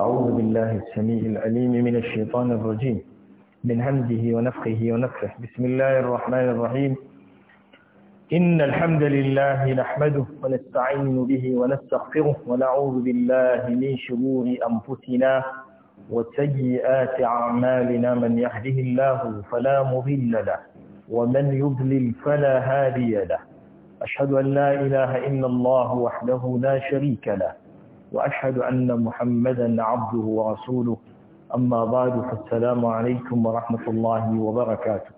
أعوذ بالله السميع العليم من الشيطان الرجيم من همزه ونفخه ونفخه بسم الله الرحمن الرحيم إن الحمد لله نحمده ونستعين به ونستغفره ونعوذ بالله من شرور أنفسنا وسيئات أعمالنا من يهده الله فلا مضل له ومن يضلل فلا هادي له أشهد أن لا إله إلا الله وحده لا شريك له وأشهد أن محمدا عبده ورسوله أما بعد فالسلام عليكم ورحمة الله وبركاته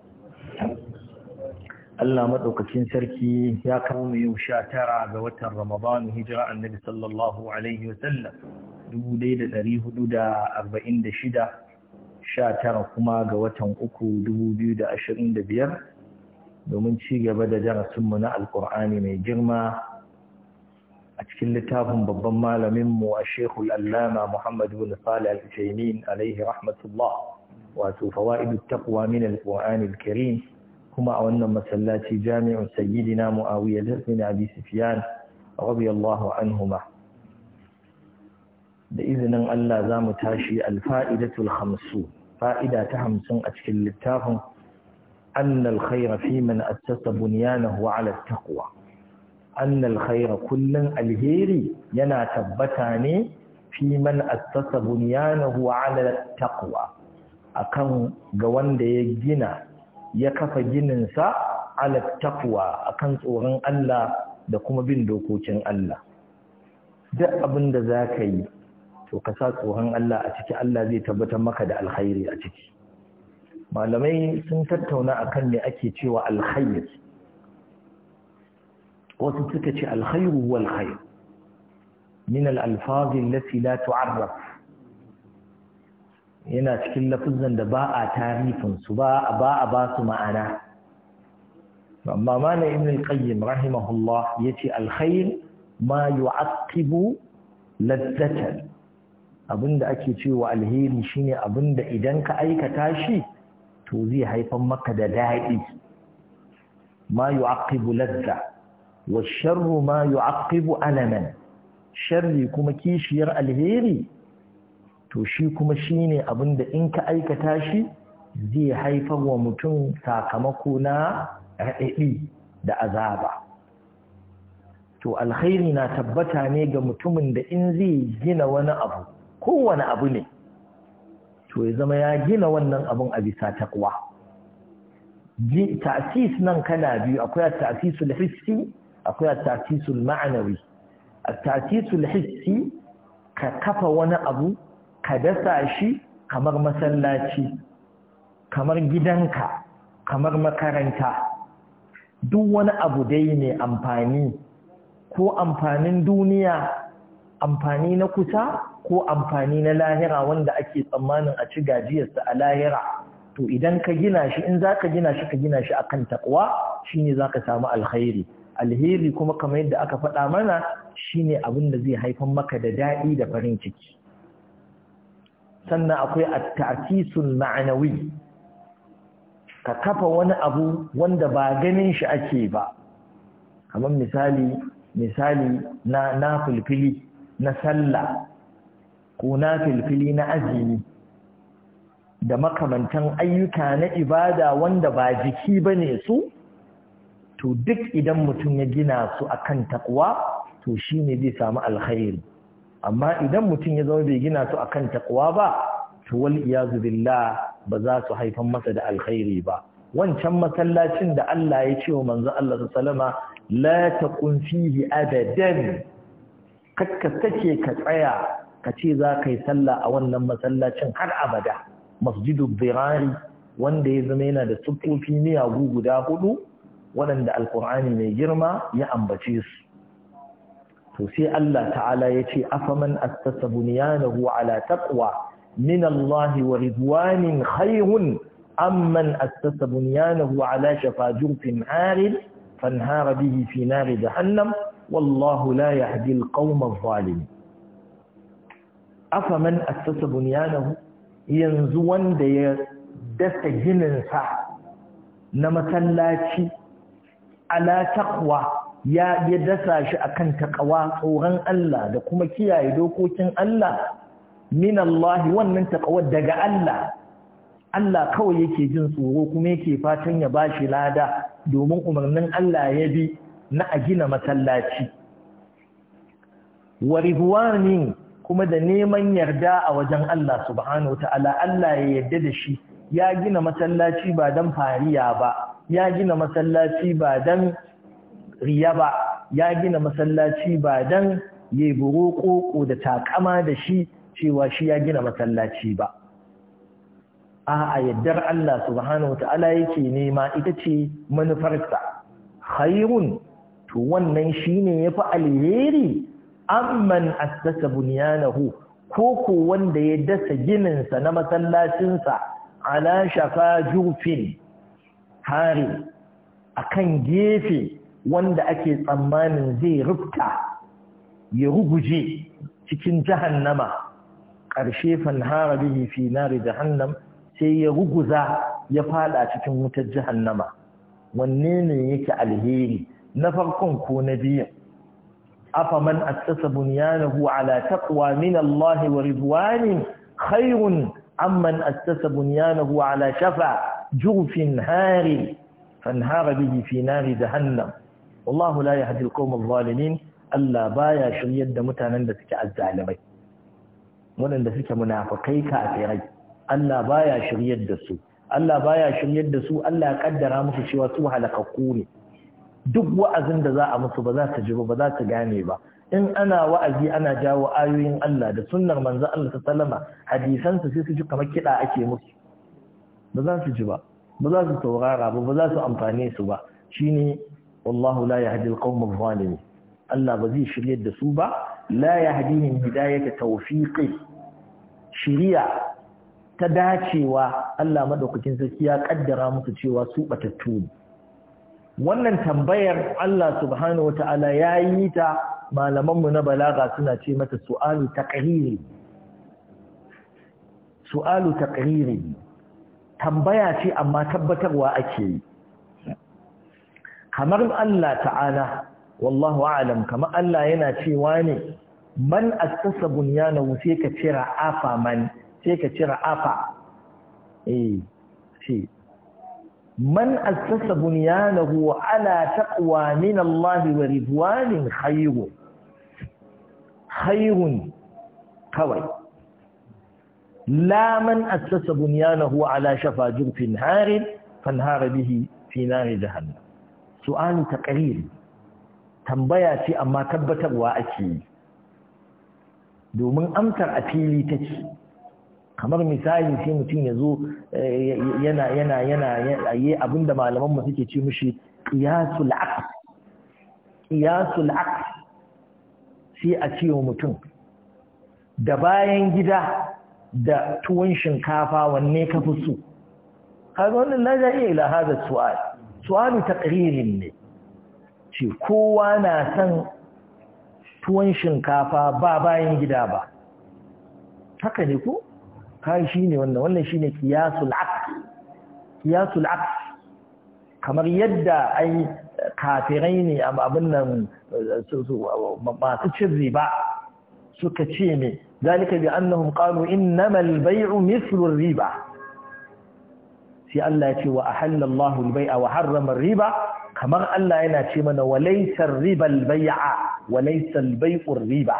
Allah maɗaukacin sarki ya kawo mu yau sha tara ga watan Ramadan hijira annabi sallallahu alaihi wa sallam dubu ɗaya da ɗari hudu da arba'in da shida sha tara kuma ga watan uku dubu biyu da ashirin da biyar domin ci gaba da darasinmu na alƙur'ani mai girma a cikin littafin babban malaminmu a shekul allama muhammad bin salih al-jaimin alaihi rahmatullah wato fawa'idu taqwa min al-qur'an al-karim kuma a wannan masallaci jami'un sayyidina muawiya bin abi sufyan radiyallahu anhuma da izinin Allah za mu tashi al-fa'idatul khamsu fa'ida ta hamsin a cikin littafin annal khayra fi man assasa bunyanahu ala taqwa annal khaira kullun alheri yana tabbata ne fi man assasa bunyanahu ala taqwa akan ga wanda ya gina ya kafa gininsa ala taqwa akan tsoron Allah da kuma bin dokokin Allah duk abin da zaka yi to ka sa tsoron Allah a ciki Allah zai tabbatar maka da alkhairi a ciki malamai sun tattauna akan me ake cewa alkhair wasu suka ce alkhairu wal khair min al-alfaz allati la tu'arraf yana cikin lafuzan da ba a tarifin su ba a ba su ma'ana amma mana ibn al-qayyim rahimahullah yace alkhair ma yu'aqibu ladzatan abinda ake cewa alheri shine abinda idan ka aikata shi to zai haifar maka da daɗi ma yu'aqibu ladza wa sharru ma yu'aqqibu alaman sharri kuma kishiyar alheri to shi kuma shine abinda in ka aikata shi zai haifar wa mutum sakamako na raɗaɗi da azaba to alkhairi na tabbata ne ga mutumin da in zai gina wani abu kowane abu ne to ya zama ya gina wannan abun a bisa ta kuwa? ta'sis nan kana biyu akwai ta'sisul hissi akwai at ma'anawi at hissi ka kafa wani abu ka dasa shi kamar masallaci kamar gidanka kamar makaranta duk wani abu dai ne amfani ko amfanin duniya amfani na kusa ko amfani na lahira wanda ake tsammanin a ci gajiyarsa a lahira to idan ka gina shi in za ka gina shi ka gina shi akan takwa shine za ka samu alkhairi alheri kuma kamar yadda aka faɗa mana shine abin da zai haifar maka da daɗi da farin ciki sannan akwai at-ta'sisul ma'nawi ka kafa wani abu wanda ba ganin shi ake ba kamar misali misali na na filfili na sallah ko na filfili na azumi da makamantan ayyuka na ibada wanda ba jiki bane su to duk idan mutum ya gina su akan takwa to shi ne zai samu alkhairi amma idan mutum ya zama bai gina su akan takwa ba to wal iyazu billah ba za su haifan masa da alkhairi ba wancan masallacin da Allah ya ce wa manzo Allah salama, la taqun fihi abadan kakka take ka tsaya ka ce za ka yi sallah a wannan masallacin har abada masjidu birari wanda ya zama yana da siffofi miyagu guda hudu waɗanda alkur'ani mai girma ya ambace su to sai Allah ta'ala ya ce afaman astasa bunyanahu ala taqwa min Allah wa ridwanin khayrun amman astasa bunyanahu ala shafa jurfin harin fanhara bihi fi nari jahannam wallahu la yahdi alqawma adh-dhalimin afaman astasa bunyanahu yanzu wanda ya dasa ginin sa na masallaci ala taqwa ya ya dasa shi akan taqwa tsoron Allah da kuma kiyaye dokokin Allah min Allah wannan taqwa daga Allah Allah kawai yake jin tsoro kuma yake fatan ya bashi lada domin umarnin Allah ya bi na a gina masallaci wa kuma da neman yarda a wajen Allah subhanahu wa Allah ya yarda da shi ya gina masallaci ba dan fariya ba ya gina masallaci ba don riya ba ya gina masallaci ba don yeburo koko da takama da shi cewa shi ya gina masallaci ba a yaddar Allah subhanahu wa ta'ala yake nema ita ce manufarsa khairun to wannan shine yafi alheri amman asasa bunyanahu ko ko wanda ya dasa gininsa na masallacinsa ala shafa jufin hari akan gefe wanda ake tsammanin zai rufta ya ruguje cikin jahannama ƙarshe fanhara bihi fi nari jahannam sai ya ruguza ya fada cikin wutar jahannama wanne ne yake alheri na farkon ko na biyan afaman assasa bunyanahu ala taqwa min wa ridwani khairun عمن أسس بنيانه على شفا جوف هار فانهار به في نار جهنم والله لا يهدي القوم الظالمين ألا بايا شريد متانا لسك الزعلمين ولن لسك منافقي كافرين ألا بايا شريد دسو ألا بايا شريد دسو ألا قدر أمس شوى سوها لك قولي wa'azin da za a بذات جبو بذات جانبا in ana wa'azi ana jawo ayoyin Allah da sunnar manzo Allah ta sallama hadisansa sai su ji kamar kida ake musu ba za su ji ba ba za su taurara ba ba za su amfane su ba shine wallahu la yahdi alqawm adh-dhalimin Allah ba zai shiryar da su ba la yahdihim hidayata tawfiqi shiriya ta dacewa Allah madaukakin sarki ya kaddara musu cewa su batattu ne wannan tambayar Allah subhanahu wata'ala ya yi ta malamanmu na balaga suna ce mata su'alu taqriri su'alu taqriri tambaya ce amma tabbatarwa ake yi kamar Allah ta'ala wallahu a'lam kamar Allah yana cewa ne man assasa bunyanahu sai ka cira afa man sai ka cira afa eh shi man assasa bunyanahu ala taqwa min Allah wa ridwanin khayru khayrun kawai la man assasa bunyanahu ala shafa jurfin harin fanhara bihi fi nari jahannam su'alu taqrir tambaya ce amma tabbatarwa ake yi domin amsar a fili take kamar misali sai mutum ya zo eh, yana yana yana abinda malaman mu suke ce mishi qiyasul aql qiyasul aql sai a ce wa mutum da bayan gida da tuwon shinkafa wanne ka fi so kaga wannan la iya ila hada su'al su'alu taqririn ne ce kowa na san tuwon shinkafa ba bayan gida ba haka ne ko kai shine wannan wannan shine kamar yadda ai kafirai ne abin nan masu cin riba suka ce ne zalika bi annahum qalu innamal bay'u mithlu riba sai Allah ya ce wa ahalla Allahu al-bay'a wa harrama riba kamar Allah yana ce mana wa laysa ar-riba al-bay'a wa laysa al-bay'u riba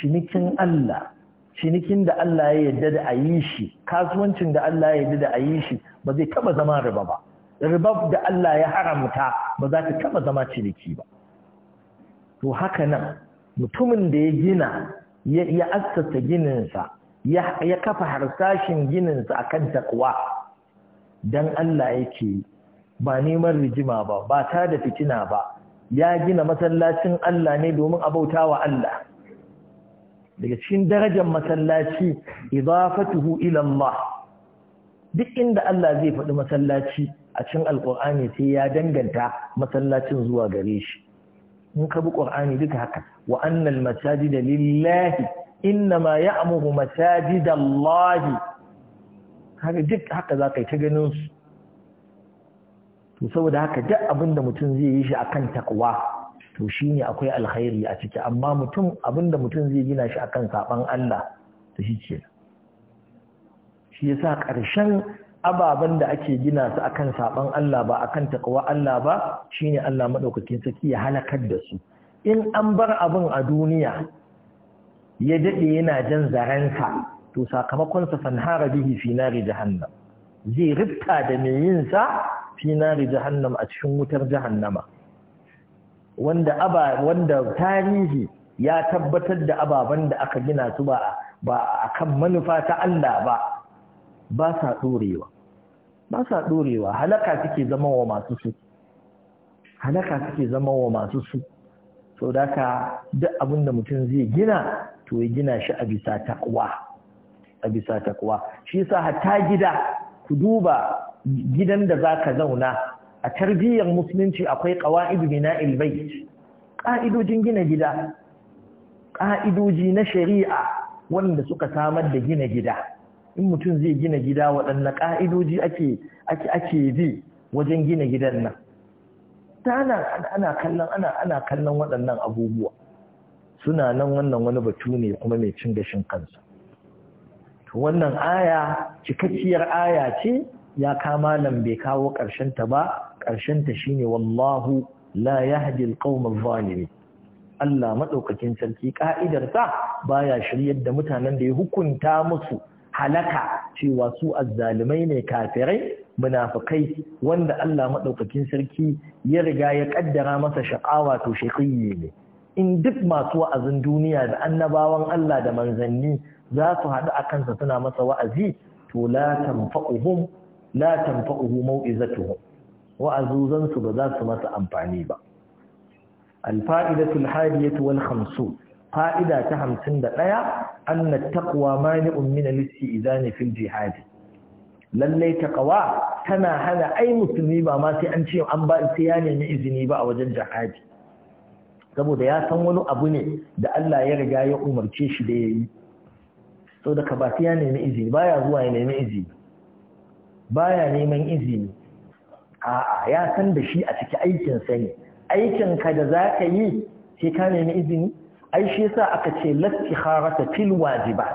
cinikin Allah cinikin da Allah ya yarda da a yi shi kasuwancin da Allah ya yarda da a yi shi ba zai taba zama riba ba riba da Allah ya haramta ba za ta taba zama ciniki ba to haka nan mutumin da ya gina ya assasa ginin sa, ya kafa harsashin ginin sa akan takwa dan Allah yake ba neman rijima ba ba ta da fitina ba ya gina masallacin Allah ne domin abautawa Allah daga cikin darajar masallaci idafatuhu ila Allah duk inda Allah zai faɗi masallaci a cikin Alƙur'ani sai ya danganta masallacin zuwa gare shi in ka bi ƙur'ani duka haka wa annal masajida lillahi innama ya'muru masajida Allah haka duk haka za ka ta ganin su to saboda haka duk abin da mutum zai yi shi akan takwa to shine akwai alkhairi a ciki amma mutum abinda mutum zai gina shi akan saban Allah to shi ce shi sa ƙarshen ababen da ake gina su akan saban Allah ba akan taqwa Allah ba shine Allah maɗaukakin saki ya halakar da su in an bar abin a duniya ya daɗe yana jan zarensa to sakamakon sa fanhara bihi fi nari jahannam zai rifta da mai yin sa fi nari jahannam a cikin wutar jahannama wanda aba wanda tarihi ya tabbatar da ababen da aka gina su ba ba akan manufa ta Allah ba ba sa dorewa ba sa dorewa halaka suke zama wa masu su halaka suke zama wa masu su so daka duk abin da mutum zai gina to ya gina shi a bisa takwa a bisa takwa shi yasa hatta gida ku duba gidan da zaka zauna a tarbiyyar musulunci akwai ƙawa'idu bina ilbait ƙa'idojin gina gida ƙa'idoji na shari'a wanda suka samar da gina gida in mutum zai gina gida waɗanne ƙa'idoji ake ake wajen gina gidan nan ta ana kallon ana ana kallon waɗannan abubuwa suna nan wannan wani batu ne kuma mai cin gashin kansa wannan aya cikakkiyar aya ce ya kama nan bai kawo ƙarshen ta ba ƙarshen ta shine wallahu la yahdi alqawmal zalimin Allah madaukakin sarki ka'idar sa baya shiryar da mutanen da ya hukunta musu halaka cewa su azzalimai ne kafirai munafikai wanda Allah madaukakin sarki ya riga ya kaddara masa sha'awa, to shaqiyyi ne in duk masu wa'azin duniya da annabawan Allah da manzanni za su haɗu a kansa suna masa wa'azi to la tanfa'uhum la tanfa'uhu mau'izatuhu wa'azuzan su ba za su masa amfani ba alfa'idatul hadiyatu wal khamsu fa'ida ta 51 anna taqwa mani'un min al-istizani fil jihad lalle taqwa tana hana ai musulmi ba ma sai an ce an ba sai ya nemi izini ba a wajen jihadi saboda ya san wani abu ne da Allah ya riga ya umarce shi da yayi saboda ka ba sai ya nemi izini baya zuwa ya nemi izini baya neman izini a'a ya san da shi a ciki aikin sa ne aikin ka da zaka yi sai ka nemi izini ai shi yasa aka ce lattikharata fil wajibat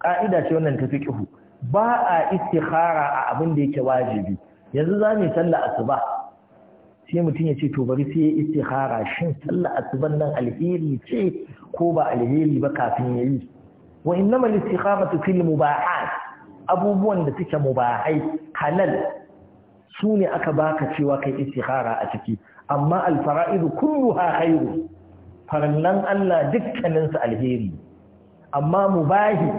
ka'ida ce wannan ta fiqhu ba a istikhara a abin da yake wajibi yanzu za mu salla asuba sai mutum ya ce to bari sai istikhara shin sallar asuban nan alheri ce ko ba alheri ba kafin yayi wa innamal al-istikharatu fil mubah abubuwan da suke mubahai halal su ne aka baka cewa kai istikhara a ciki amma alfara'idu kulluha khairu Farnan Allah dukkanin su alheri amma mubahi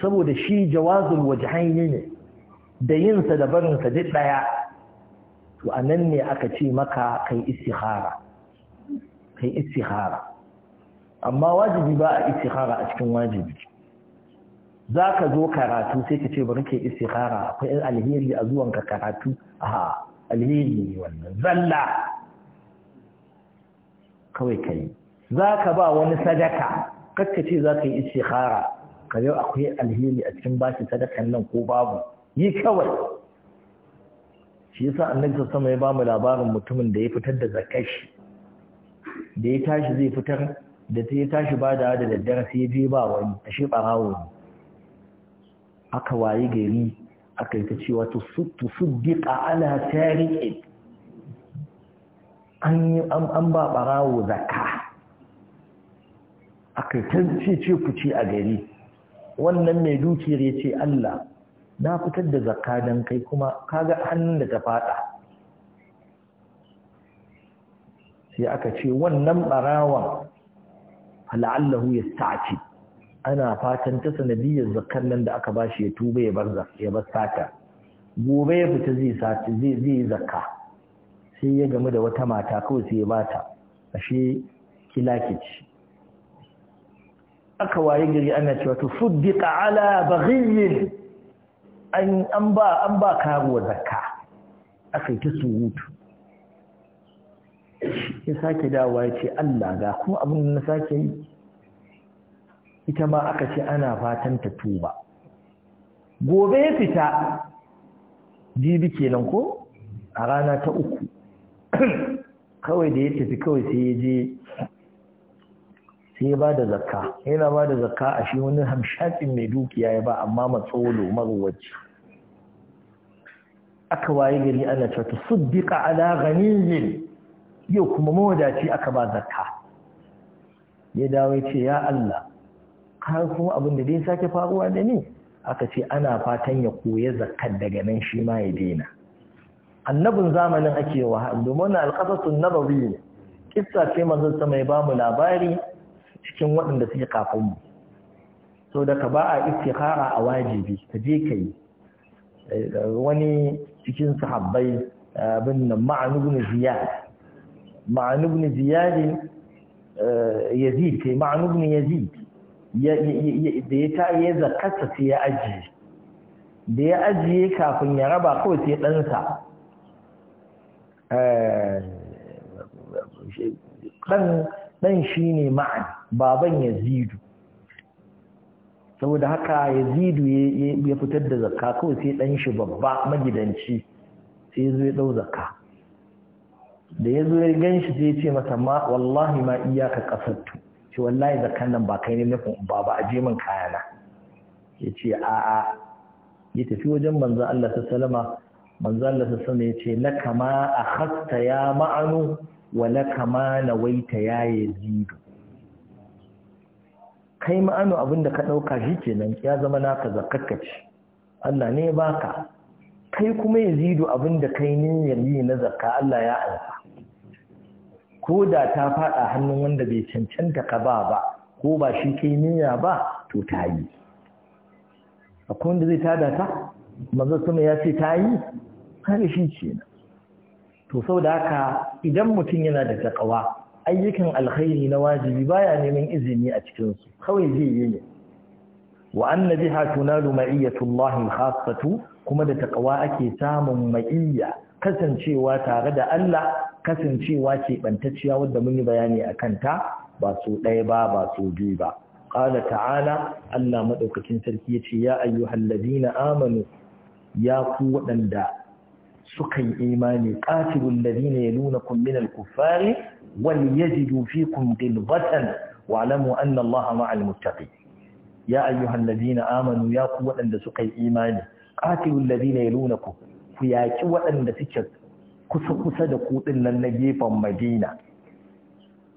saboda shi jawazul wajhaini ne da yin sa da barin sa duk daya to anan ne aka ce maka kai istikhara kai istikhara amma wajibi ba a istikhara a cikin wajibi za ka zo karatu sai ka ce bari ke istikhara akwai alheri a zuwanka karatu a alheri ne wannan zalla kawai ka yi za ka ba wani sadaka kakka ce za ka yi istikhara ka yau akwai alheri a cikin bashi sadakan nan ko babu yi kawai shi yasa annabi sassama ya ba mu labarin mutumin da ya fitar da zakashi da ya tashi zai fitar da ta ya tashi ba da da daddare sai ya je ba wani shi barawo ne aka waye gari aka yi ta cewa tu suddiqa ala tariqi an an ba barawo zakka aka yi ta ce kuce a gari wannan mai dukiyar ya ce Allah na fitar da zakka dan kai kuma kaga hannun da ta fada sai aka ce wannan barawon la'allahu yasta'tib ana fatan ta sanadiyar zakar nan da aka ba shi ya tuba ya bar ya sata gobe ya fita zai sata zai zai zakka sai ya gamu da wata mata kawai sai ya bata ashe kilakici aka waye gari ana cewa to fuddiqa ala baghiyin an an ba an ba karuwa zakka aka yi ta surutu ya sake dawowa ya ce Allah ga kuma abin da na sake yi ita ma aka ce ana fatan ta tuba gobe ya fita jibi kenan ko a rana ta uku kawai da ya tafi kawai sai ya je sai ya ba da zakka yana ba da zakka a shi wani hamshatin mai dukiya ya ba amma matsolo marwaci aka waye gari ana cewa suddika ala ghaniyin yau kuma mawadaci aka ba zakka ya dawo ya ce ya Allah har kuma abin da dai sake faruwa da ni aka ce ana fatan ya koya zakkar daga nan shi ma ya daina annabin zamanin ake wa domin alƙasasun nabawi ne kissa ce ta mai ba bamu labari cikin waɗanda suke kafin mu so da ka ba a istikhara a wajibi ka je kai wani cikin sahabbai abin nan ma'an ibn ziyad ma'an ibn ziyad eh, yazid kai ma'an ibn yazid da ya ta ya zakarsa sai ya ajiye da ya ajiye kafin ya raba kawai sai ɗansa eh, ɗan shi ne ma'an baban yazidu saboda haka yazidu ya fitar da zakka kawai sai ɗan shi babba magidanci sai zo ya ɗau zakka da ya zo ya gan shi sai ya ce masa ma wallahi ma iyaka ƙasattu ce wallahi zakan nan ba kai ne nufin ba ba a je min kayana ya ce a'a ya tafi wajen manzo Allah ta salama manzo Allah ta salama ya ce na kama a hasta ya ma'anu wa na kama na waita ya yazidu kai ma'anu abinda ka dauka nan ya zama naka zakakka ce Allah ne baka kai kuma yazidu abinda kai ya yi na zakka Allah ya alfa ko da ta faɗa hannun wanda bai cancanta ka ba ba ko ba shi ke niyya ba to ta yi akwai wanda zai tada ta manzo sama ya ce ta yi kare shi na. to sau da haka idan mutum yana da takawa ayyukan alkhairi na wajibi baya neman izini a cikinsu, kawai zai yi ne wa anna biha tunalu khassatu kuma da takawa ake samun ma'iyya kasancewa tare da Allah kasancewa keɓantacciya wadda mun yi bayani a kanta ba su ɗaya ba ba su biyu ba ƙala ta'ala Allah maɗaukakin sarki ya ce ya ayyuhal ladina amanu ya ku waɗanda suka yi imani qatilul ladina yalunakum min al-kuffari wal yajidu fikum dilbatan wa alamu anna Allah ma'al muttaqin ya ayyuhal ladina amanu ya ku waɗanda suka yi imani qatilul ladina nuna ku yaƙi waɗanda suke kusa-kusa da kudin nan na gefen madina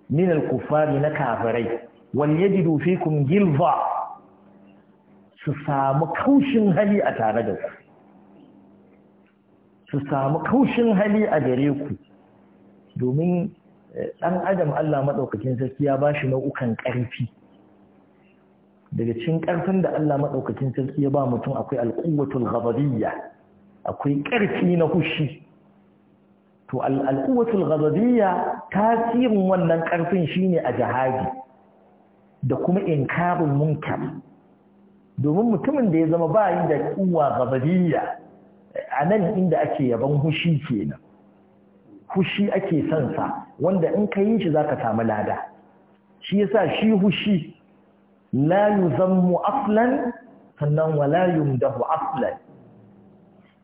min al-kufari na kafirai wal yajidu fikum gilva su samu kaushin hali a tare da ku su samu kaushin hali a gare ku domin eh, ɗan adam Allah maɗaukakin sarki ya ba shi nau'ukan ƙarfi daga cikin ƙarfin da Allah maɗaukakin sarki ya ba mutum akwai alƙuwatul ghabadiyya akwai ƙarfi na hushi to al'uwatul ghadabiyya tasirin wannan karfin shine a jihadi da kuma inkarul munkar domin mutumin da ya zama bayi da kuwa ghadabiyya a nan inda ake yaban hushi kenan hushi ake sansa wanda in ka yi shi zaka samu lada shi yasa shi hushi la yuzammu Aflan sannan wala yumdahu Aflan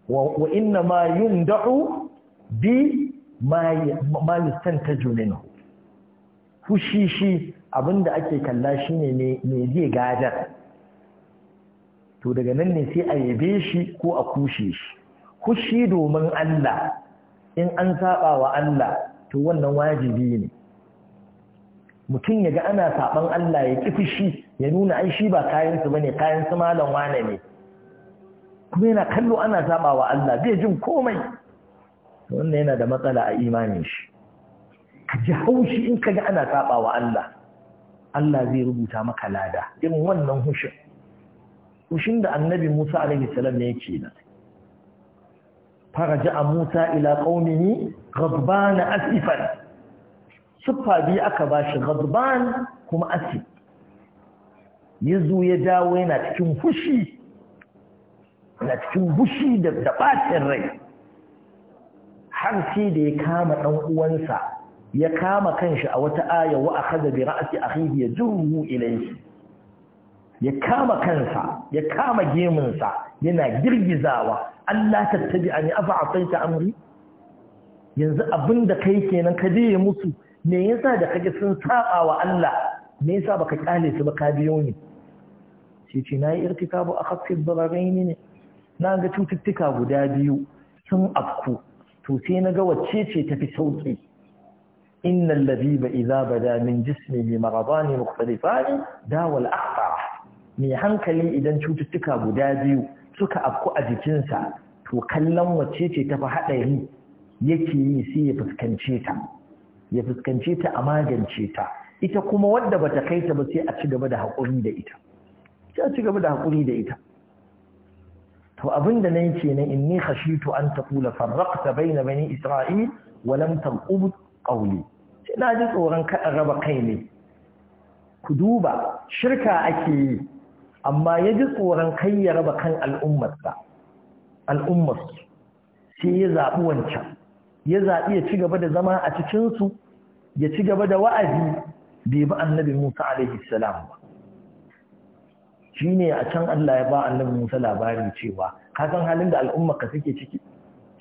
wa inna ma yumdahu bi ma ta minhu fushi shi abinda ake kalla shi ne me zai gadar to daga nan ne sai a yabe shi ko a kushe shi kushi domin Allah in an saba wa Allah to wannan wajibi ne mutum ya ga ana saban Allah ya kifi fushi ya nuna ai shi ba kayansu ba ne kayansu malon wane ne kuma yana kallo ana saba wa Allah zai jin komai wannan yana da matsala a imanin shi ka ji haushi in ka ana saba wa Allah Allah zai rubuta maka lada irin wannan hushin hushin da annabi Musa alaihi salam ne yake da faraja Musa ila qaumihi ghadban asifan siffa bi aka bashi ghadban kuma asif yazo ya dawo yana cikin fushi yana cikin hushi da da rai har sai da ya kama ɗan uwansa ya kama kanshi a wata aya wa akhadha bi ra'si akhihi yajruhu ilayhi ya kama kansa ya kama geminsa yana girgizawa Allah tattabi'ani afa ataita amri yanzu abinda kai kenan ka je musu me yasa da kage sun saba wa Allah me yasa baka kyale su ba ka biyo ni shi ce nayi irtikabu akhaffi dhararain ne na ga cututtuka guda biyu sun afku to sai na ga wacce ce tafi sauki innal labiba idza bada min jismihi maradani mukhtalifani dawal akhfa mai hankali idan cututtuka guda biyu suka afku a jikinsa to kallon wacce ce tafi haɗari yake yi sai ya fuskance ta ya fuskance ta a magance ta ita kuma wadda bata kai ta ba sai a ci gaba da haƙuri da ita sai a ci gaba da haƙuri da ita to abinda nayi kenan inni khashitu an taqula farraqta bayna bani isra'il wa lam tanqub qawli sai na ji tsoron ka raba kai ne ku duba shirka ake yi amma ya ji tsoron kai ya raba kan al'ummarsa al'ummarsu sai ya zaɓi wancan ya zaɓi ya ci gaba da zama a cikinsu ya cigaba da wa'azi bai bi annabi musa alaihi salam ba Shi ne a can Allah ya ba annabi Musa labarin cewa ka san halin da al'umma ka suke ciki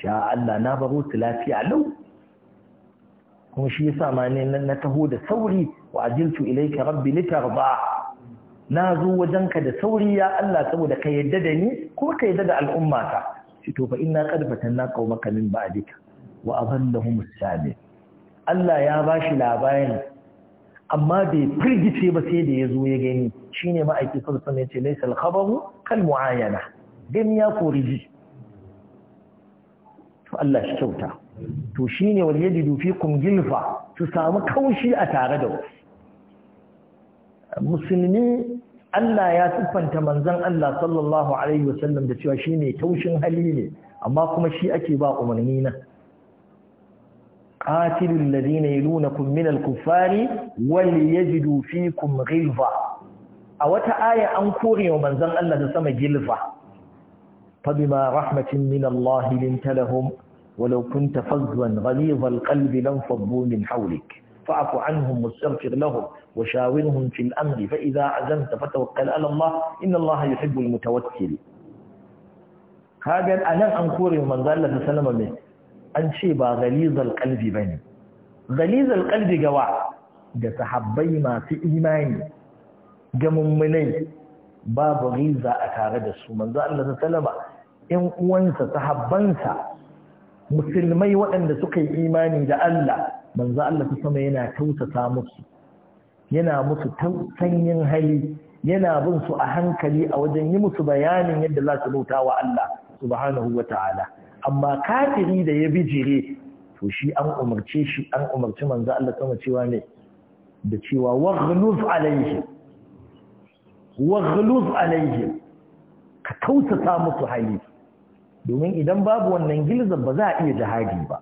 ya Allah na baro su lafiya lau kuma shi yasa ma ne na taho da sauri wa ajiltu ilayka rabbi litarda na zo wajenka da sauri ya Allah saboda ka yadda da ni kuma ka yadda da al'ummata shi to fa inna qad fatanna qaumaka min ba'dika wa adallahum as Allah ya bashi labarin amma bai firgice ba sai da ya zo ya gani Shi shine ma'aiki sulsun ya ce laisa alkhabaru kal mu'ayyana gani ya kori ji to Allah shi kyauta to shi wani yadda yajidu kun gilfa su samu kaushi a tare da wasu. musulmi Allah ya siffanta manzan Allah sallallahu alaihi wasallam da cewa shi ne taushin hali ne amma kuma shi ake ba umarni na qatilul ladina yalunakum minal kuffari wal yajidu fikum ghilza a wata aya an kore wa manzon Allah da sama gilfa fa bima rahmatin min Allah linta lahum ولو كنت فظا غليظ القلب لانفضوا من حولك فاعف عنهم واستغفر لهم وشاورهم في الأمر فإذا عزمت فتوكل على الله إن الله يحب المتوكل هذا أنا أنكوري ومن ذا الله سلم منه an ce ba kalbi ba bane ghalizal kalbi gawa da sahabbai masu imani ga mummunai babu riza a tare da su manzo Allah salama in uwansa sahabbansa musulmai waɗanda suka yi imani da Allah manzo Allah sama yana tausasa musu yana musu sanyin hali yana bin su a hankali a wajen yi musu bayanin yadda za su bauta wa Allah subhanahu wata'ala amma kafiri da ya bijire to shi an umarce shi an umarci manzo Allah sama cewa ne da cewa waghluz alayhi waghluz alayhi ka tausasa musu hali domin idan babu wannan gilza ba za a iya jihadi ba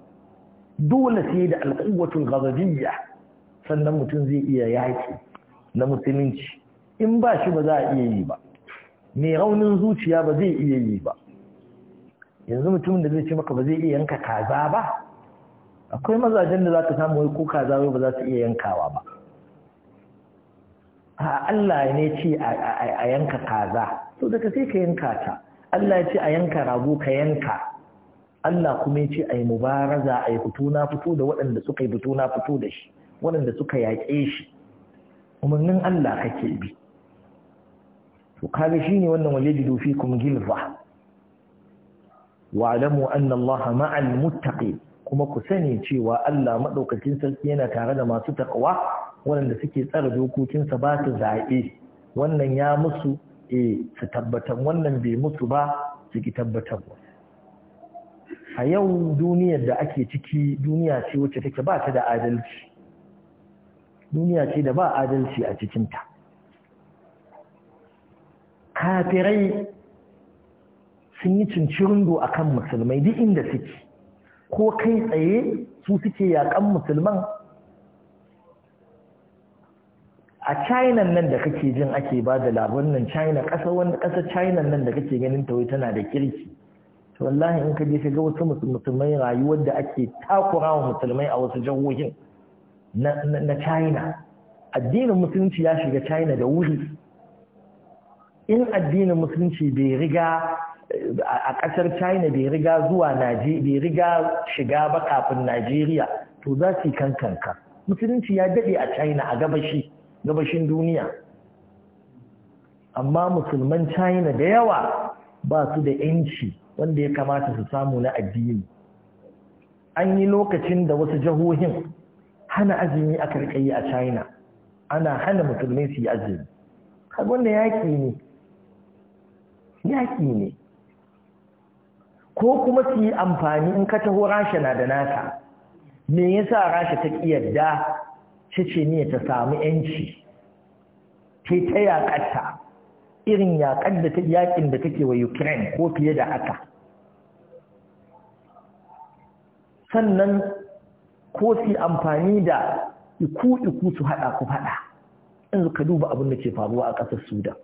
dole sai da alquwwatul ghadabiyya sannan mutum zai iya yaki na musulunci in ba shi ba za a iya yi ba mai raunin zuciya ba zai iya yi ba yanzu mutumin da zai ce maka ba zai iya yanka kaza ba akwai mazajen da za ka samu wai ko kaza wai ba za su iya yankawa ba a Allah ne ce a yanka kaza so daga sai ka yanka ta Allah ya ce a yanka rago ka yanka Allah kuma ya ce a yi mubaraza a yi fito na fito da waɗanda suka yi fito na fito da shi waɗanda suka yaƙe shi umarnin Allah kake bi to kaga shine wannan walidu kum gilfa wa'lamu anna Allah ma'al muttaqin kuma ku sani cewa Allah madaukakin sarki yana tare da masu takwa waɗanda suke tsara dokokinsa ba su zaɓe wannan ya musu eh su tabbatar wannan bai musu ba su ki tabbatar a yau duniyar da ake ciki duniya ce wacce take ba ta da adalci duniya ce da ba adalci a cikinta kafirai sun yi cincirindo a kan musulmai duk inda suke ko kai tsaye su suke yaƙan musulman a china nan da kake jin ake ba da labarin nan china ƙasa wani ƙasa china nan da kake ganin ta tana da kirki to wallahi in ka je ka ga wasu musulmai rayuwar da ake takura wa musulmai a wasu jahohin na china addinin musulunci ya shiga china da wuri in addinin musulunci bai riga a ƙasar china bai riga zuwa bai riga shiga ba kafin najeriya to za su yi kankanka musulunci ya daɗe a china a gabashi gabashin duniya amma musulman china da yawa ba su da yanci wanda ya kamata su samu na addini an yi lokacin da wasu jahohin hana azumi a karkayi a china ana hana musulmai su yi azumi wanda yaƙi ne yaƙi ne ko kuma su yi amfani in ka taho rasha na da nata me yasa rasha ta yarda ceceniya ta samu yanci ta ta yaƙarta irin yaƙar da ta yaƙin da take wa ukraine ko fiye da haka sannan ko su amfani da iku-iku su haɗa ku faɗa in ka duba abin da ke faruwa a ƙasar sudan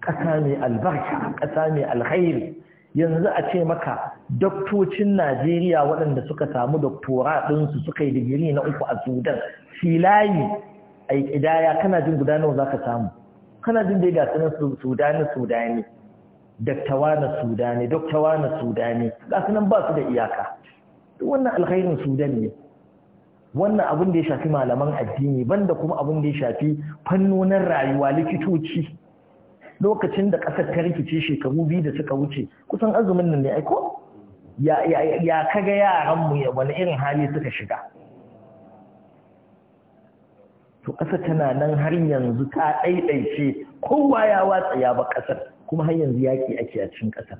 ƙasa mai albarka ƙasa mai alkhairi yanzu a ce maka doktocin Najeriya waɗanda suka samu doktora ɗinsu suka yi digiri na uku a Sudan filayi a ƙidaya kana jin guda nawa ka samu kana jin dai gasu na Sudani Sudani daktawa na Sudani doktawa na Sudani gasu ba su da iyaka wannan alkhairin Sudan ne wannan abin da ya shafi malaman addini banda kuma abin da ya shafi fannonin rayuwa likitoci lokacin da ƙasar ta rikice shekaru biyu da suka wuce kusan azumin nan ne aiko ya kaga yaranmu ya wani irin hali suka shiga to ƙasa tana nan har yanzu ta ɗaiɗaice kowa ya watsa ya ba ƙasar kuma har yanzu yaƙi ake a cikin ƙasar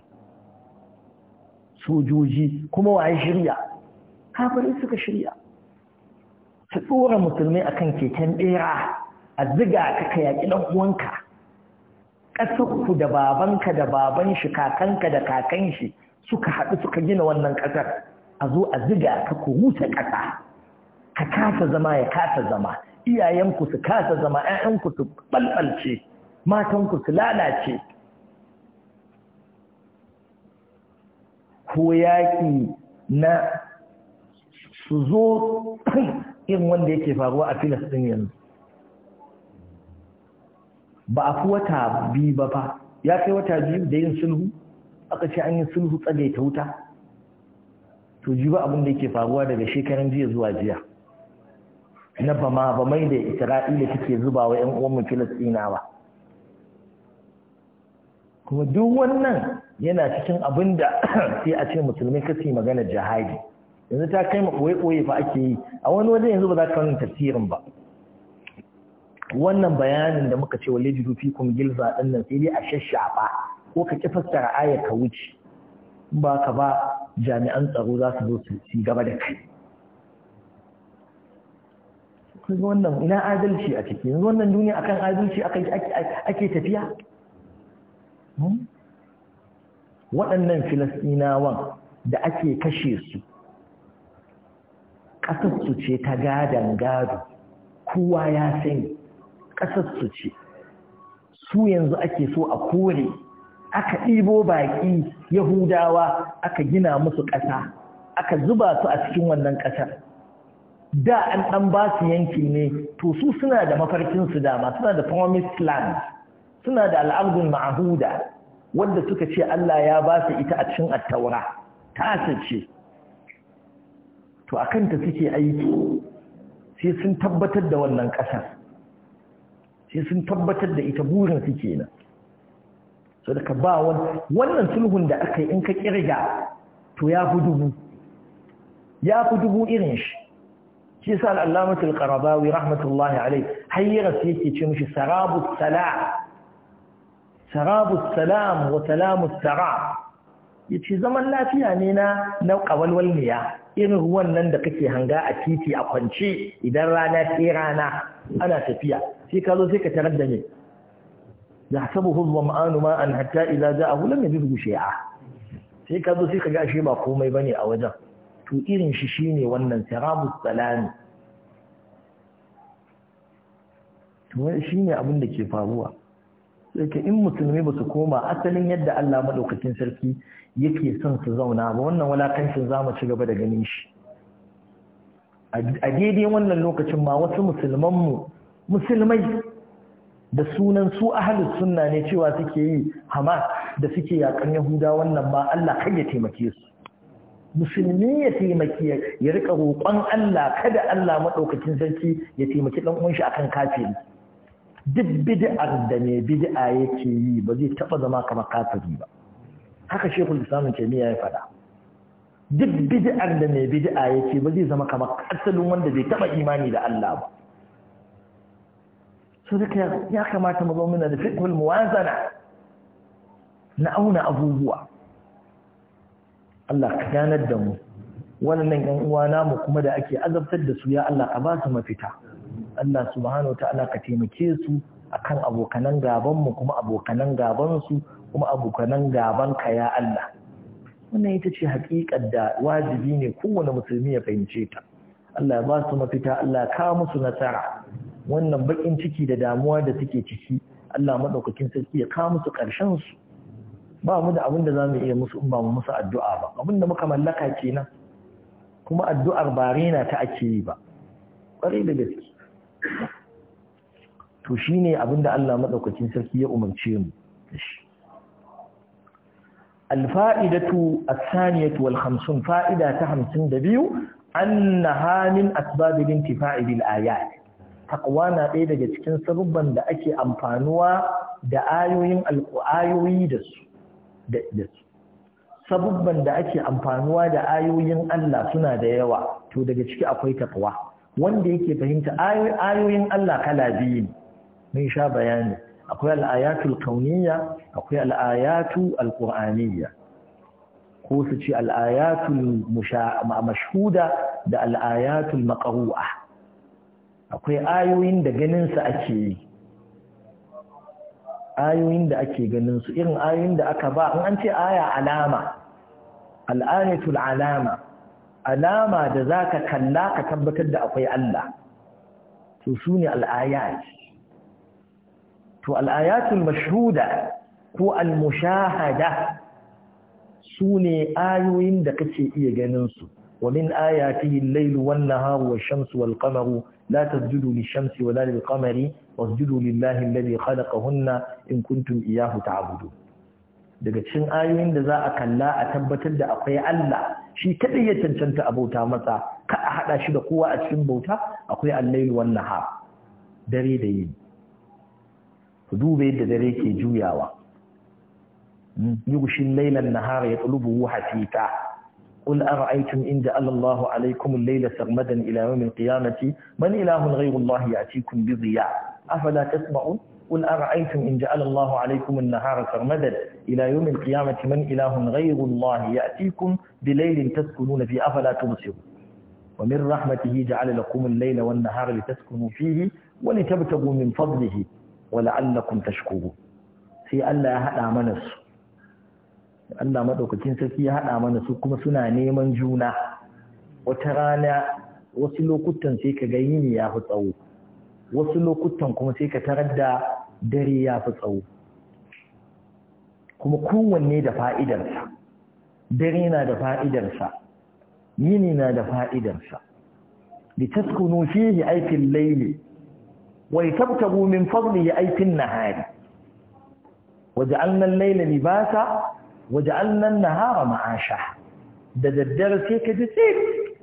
sojoji kuma waye shirya kafirai suka shirya su tsora musulmai akan keken ɓera a ziga ka ka yaƙi ɗan uwanka ƙasarku da babanka da baban shi kakanka da kakan shi suka haɗu suka gina wannan ƙasar a zo a ziga ka ku ƙasa ka kasa zama ya kasa zama iyayenku su kasa zama 'ya'yanku su ɓalɓalce matanku su lalace ko yaƙi na su zo irin wanda yake faruwa a filistin yanzu ba a fi wata biyu ba fa ya kai wata biyu da yin sulhu aka ce an yi sulhu ta wuta to ji ba abin da yake faruwa daga shekaran jiya zuwa jiya na bama ba mai da isra'ila take zuba wa 'yan uwanmu ba. kuma duk wannan yana cikin abin da sai a ce musulmi kasi magana jihadi yanzu ta kai ma koye-koye fa ake yi a wani wajen yanzu ba za ka wani tafsirin ba wannan bayanin da muka ce wa fi fikum gilza ɗan nan sai dai a shashafa ko ka ƙi fassara aya ka wuce ba ka ba jami'an tsaro za su zo su ci gaba da kai wannan ina adalci a ciki yanzu wannan duniya akan adalci ake tafiya hmm? waɗannan filastinawan da ake kashe su ƙasar su ce ta gadon gado kowa ya sani Ƙasar su ce su yanzu ake so a kore aka ɗibo baƙi yahudawa aka gina musu ƙasa aka zuba su a cikin wannan ƙasar da an ɗan ba su yanki ne to su suna da mafarkinsu dama suna da promised land suna da al'adun ma'ahuda wadda suka ce Allah ya ba su ita a cikin attaura ta ce to a kanta suke aiki sai sun tabbatar da wannan ƙasar sai sun tabbatar da ita burin su kenan so da ka ba wannan sulhun da aka yi in ka kirga to ya fi dubu ya fi dubu irin shi shi sa al'allamatul qarabawi rahmatullahi alai hayyara sai yake ce mishi sarabu salam Sarabu salam wa salamus sarab yace zaman lafiya ne na na kawalwalniya irin ruwan nan da kake hanga a titi a kwance idan rana ce rana ana tafiya sai ka zo sai ka tarar da ne yahsabuhu dhama'anu ma'an hatta hulun ja'ahu lam yajidhu shay'a sai ka zo sai ka ga ashe ba komai bane a wajen to irin shi shi ne wannan sirabus salami to shine abin da ke faruwa sai ka in musulmi ba su koma asalin yadda Allah maɗaukacin sarki yake son su zauna ba wannan walakancin zamu ci gaba da ganin shi a daidai wannan lokacin ma wasu musulmanmu musulmai da sunan su ahalus sunna ne cewa suke yi hamas da suke yakan yahuda wannan ba Allah kan ya taimake su musulmi ya taimaki ya rika roƙon Allah kada Allah maɗaukacin sarki ya taimaki ɗan uwan shi akan kafiri duk bid'ar da ne bid'a yake yi ba zai taɓa zama kamar kafiri ba haka shekul islamun kemiya ya faɗa duk bid'ar da mai bid'a yake ba zai zama kamar asalin wanda bai taba imani da Allah ba so duka ya kamata mu zo muna da fiqhul muwazana na auna abubuwa Allah ka ganar da mu wannan 'yan uwa mu kuma da ake azabtar da su ya Allah ka ba su mafita Allah subhanahu ta'ala ka taimake su akan abokanan gaban mu kuma abokanan gaban su kuma abokanan gaban ka ya Allah wannan ita ce haƙiƙar da wajibi ne kowane musulmi ya fahimce ta Allah ya ba su mafita Allah ya kawo musu nasara wannan baƙin ciki da damuwa da suke ciki Allah maɗaukakin sarki ya kawo musu karshen su ba mu da abin da mu iya musu in ba mu musu addu'a ba abin da muka mallaka kenan kuma addu'ar ba rena ta ake yi ba ƙwarai da gaske to shine abin da Allah maɗaukakin sarki ya umarce mu da shi الفائدة fa'ida ta hamsin da biyu, أنها من أسباب الانتفاع بالآيات taqwa na ɗaya daga cikin sabubban da ake amfanuwa da ayoyin alƙayoyi da su da su sabubban da ake amfanuwa da ayoyin Allah suna da yawa to daga ciki akwai taqwa wanda yake fahimta ayoyin Allah kala biyu ne mun sha bayani akwai ayatul kauniyya akwai al'ayatu alqur'aniyya ko su ce al'ayatul mashhuda da al'ayatu maqru'ah akwai ayoyin da ganinsa ake yi ayoyin da ake ganinsu irin ayoyin da aka ba in an ce aya alama al'anitul alama alama da za ka kalla ka tabbatar da akwai Allah to su ne al'ayat to al'ayatul mashhuda ko al-mushahada su ne ayoyin da kace iya ganinsu wa min ayatihi al laylu wan-naharu wash-shamsu wal-qamaru لا تسجدوا للشمس ولا للقمر واسجدوا لله الذي خلقهن إن كنتم إياه تعبدون daga cikin ayoyin da za a kalla a tabbatar da akwai Allah shi kadai ya cancanta a bauta masa ka a hada shi da kowa a cikin bauta akwai al-lail wan nahar dare da yini ku duba yadda dare ke juyawa hmm? yughshi shi laila ya ya yatlubuhu hasita قل أرأيتم إن جعل الله عليكم الليل سرمدا إلى يوم القيامة من إله غير الله يأتيكم بضياء أفلا تسمعون قل أرأيتم إن جعل الله عليكم النهار سرمدا إلى يوم القيامة من إله غير الله يأتيكم بليل تسكنون فيه أفلا تبصرون ومن رحمته جعل لكم الليل والنهار لتسكنوا فيه ولتبتغوا من فضله ولعلكم تشكرون في ألا هدى منسوا Allah maɗaukakin sarki ya haɗa mana su kuma suna neman juna wata rana wasu lokutan sai ka ga yini ya fi tsawo wasu lokutan kuma sai ka tarar da dare ya fi tsawo kuma kowanne da fa'idarsa dare na da fa'idarsa yini na da fa'idarsa da taskunu fiye aikin laili wai tabtabu min fadli aikin nahari waje annan laila libasa وجعلنا النهار معاشا da daddare sai ka ji tsit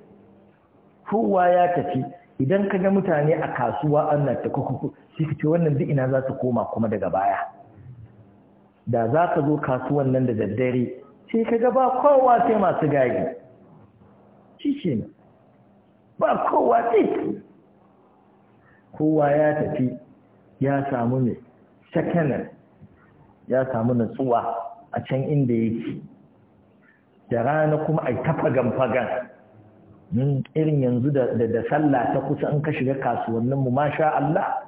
kowa ya tafi idan ka ga mutane a kasuwa ana ta kukuku, sai ka ce wannan duk ina za su koma kuma daga baya da za ka zo kasuwan nan da daddare sai ka ga ba kowa sai masu gari shi ne ba kowa tsit kowa ya tafi ya samu ne shakanan ya samu natsuwa a can inda yake da rana kuma ai ta fagan-fagan irin yanzu da sallah ta kusa an ka shiga kasuwannin mu masha Allah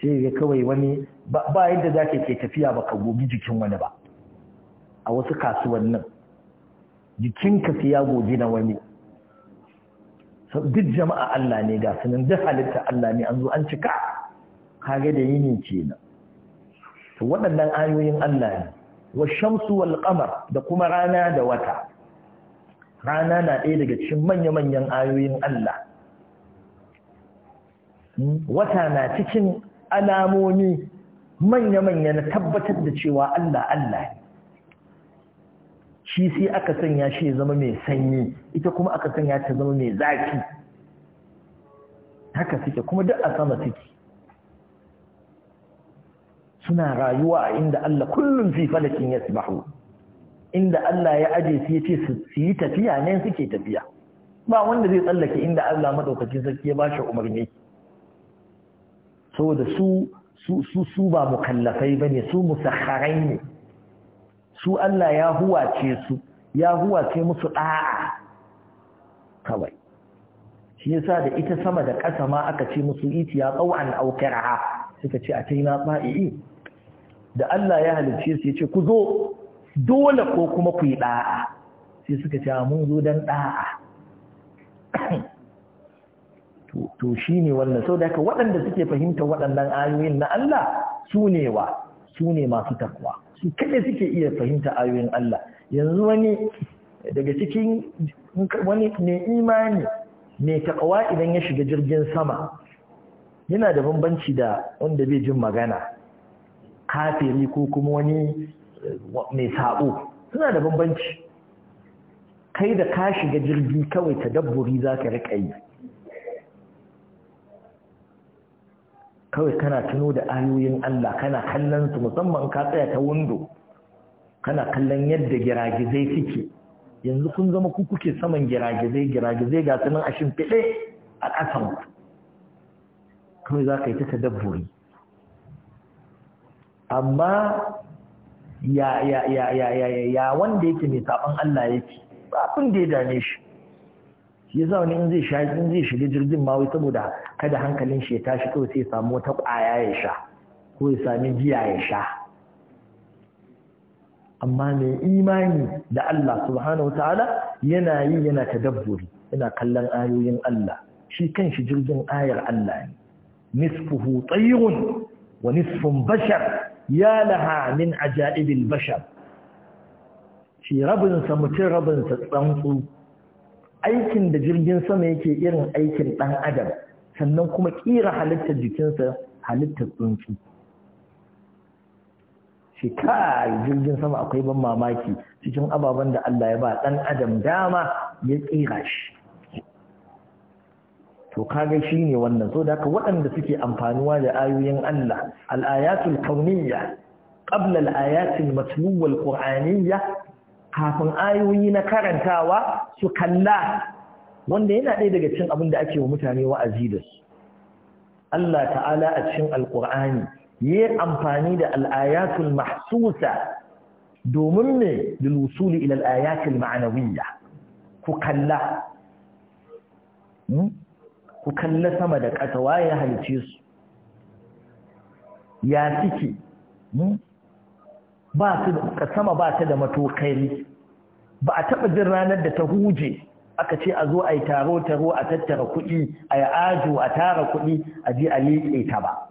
sai ga kawai wani ba yadda za ke tafiya ba ka gobi jikin wani ba a wasu kasuwannin jikinka sai ya goji na wani duk jama'a Allah ne ga sunan duk halitta Allah ne an zo an cika kage da yini kenan to waɗannan ayoyin Allah ne wa shamsu wal da kuma rana da wata rana na ɗaya daga cikin manya-manyan ayoyin Allah hmm? wata na cikin alamomi manya-manya na tabbatar da cewa Allah Allah shi sai aka sanya shi zama mai sanyi ita kuma aka sanya ta zama mai zaki haka suke kuma duk a sama suke suna rayuwa a inda Allah kullum fi falakin yasbahu inda Allah ya aje su yace su yi tafiya ne suke tafiya ba wanda zai tsallake inda Allah madaukakin sarki ya bashi umarni saboda su su su su ba mukallafai bane su musakharai ne su Allah ya huwace su ya huwace musu da'a kawai shi yasa da ita sama da ƙasa ma aka ce musu itiya tsawon aukara suka ce a cina ba'i'i da Allah ya halicce su yace ku zo dole ko kuma ku yi da'a sai suka ce mun zo dan da'a to to shine wannan da haka waɗanda suke fahimta waɗannan ayoyin na Allah su ne wa su ne masu takwa su kaɗai suke iya fahimta ayoyin Allah yanzu wani daga cikin wani ne imani ne takwa idan ya shiga jirgin sama yana da bambanci da wanda bai jin magana kafiri ko kuma wani eh, mai sabo suna da bambanci kai da ka shiga jirgi kawai ta dabburi za ka riƙa yi kawai kana tuno da ayoyin Allah kana kallon su musamman ka tsaya ta wando. kana kallon yadda giragizai suke yanzu kun zama ku kuke saman giragizai giragizai ga sunan a shimfiɗe a ƙasan kawai za ka yi ta dabburi. amma ya ya ya ya ya ya wanda yake mai saban Allah yake ba abin da ya dame shi shi yasa wani in zai sha in zai shiga jirgin ma wai saboda kada hankalin shi ya tashi kawai sai ya samu wata kwaya ya sha ko ya sami giya ya sha amma mai imani da Allah subhanahu wataala yana yi yana tadabburi yana kallon ayoyin Allah shi kan shi jirgin ayar Allah ne nisfuhu tayrun wa nisfun bashar ya laha min ajaibil bashar shi rabinsa mutum rabinsa tsantsu aikin da jirgin sama yake irin aikin ɗan adam sannan kuma ƙira halittar jikinsa halittar tsuntsu shi jirgin sama akwai ban mamaki cikin ababen da Allah ya ba ɗan adam dama ya ƙira shi to kaga shi ne wannan so da waɗanda suke amfaniwa da ayoyin Allah al'ayatul kauniyya qabla al'ayatul matluwal qur'aniyya kafin ayoyi na karantawa su kalla wanda yana ɗaya daga cikin abin da ake wa mutane wa'azi da su Allah ta'ala a cikin alqur'ani yi amfani da al'ayatul mahsusa domin ne wusuli ila al'ayatul ma'anawiyya ku kalla hmm? ku kalla sama da ƙasa waye ya halice su ya suke hmm? ba su sama ba ta da matokari ba a taɓa jin ranar da ta huje aka ce a zo a yi taro-taro a tattara kuɗi a yi ajo a tara kuɗi a ji a leƙe ta ba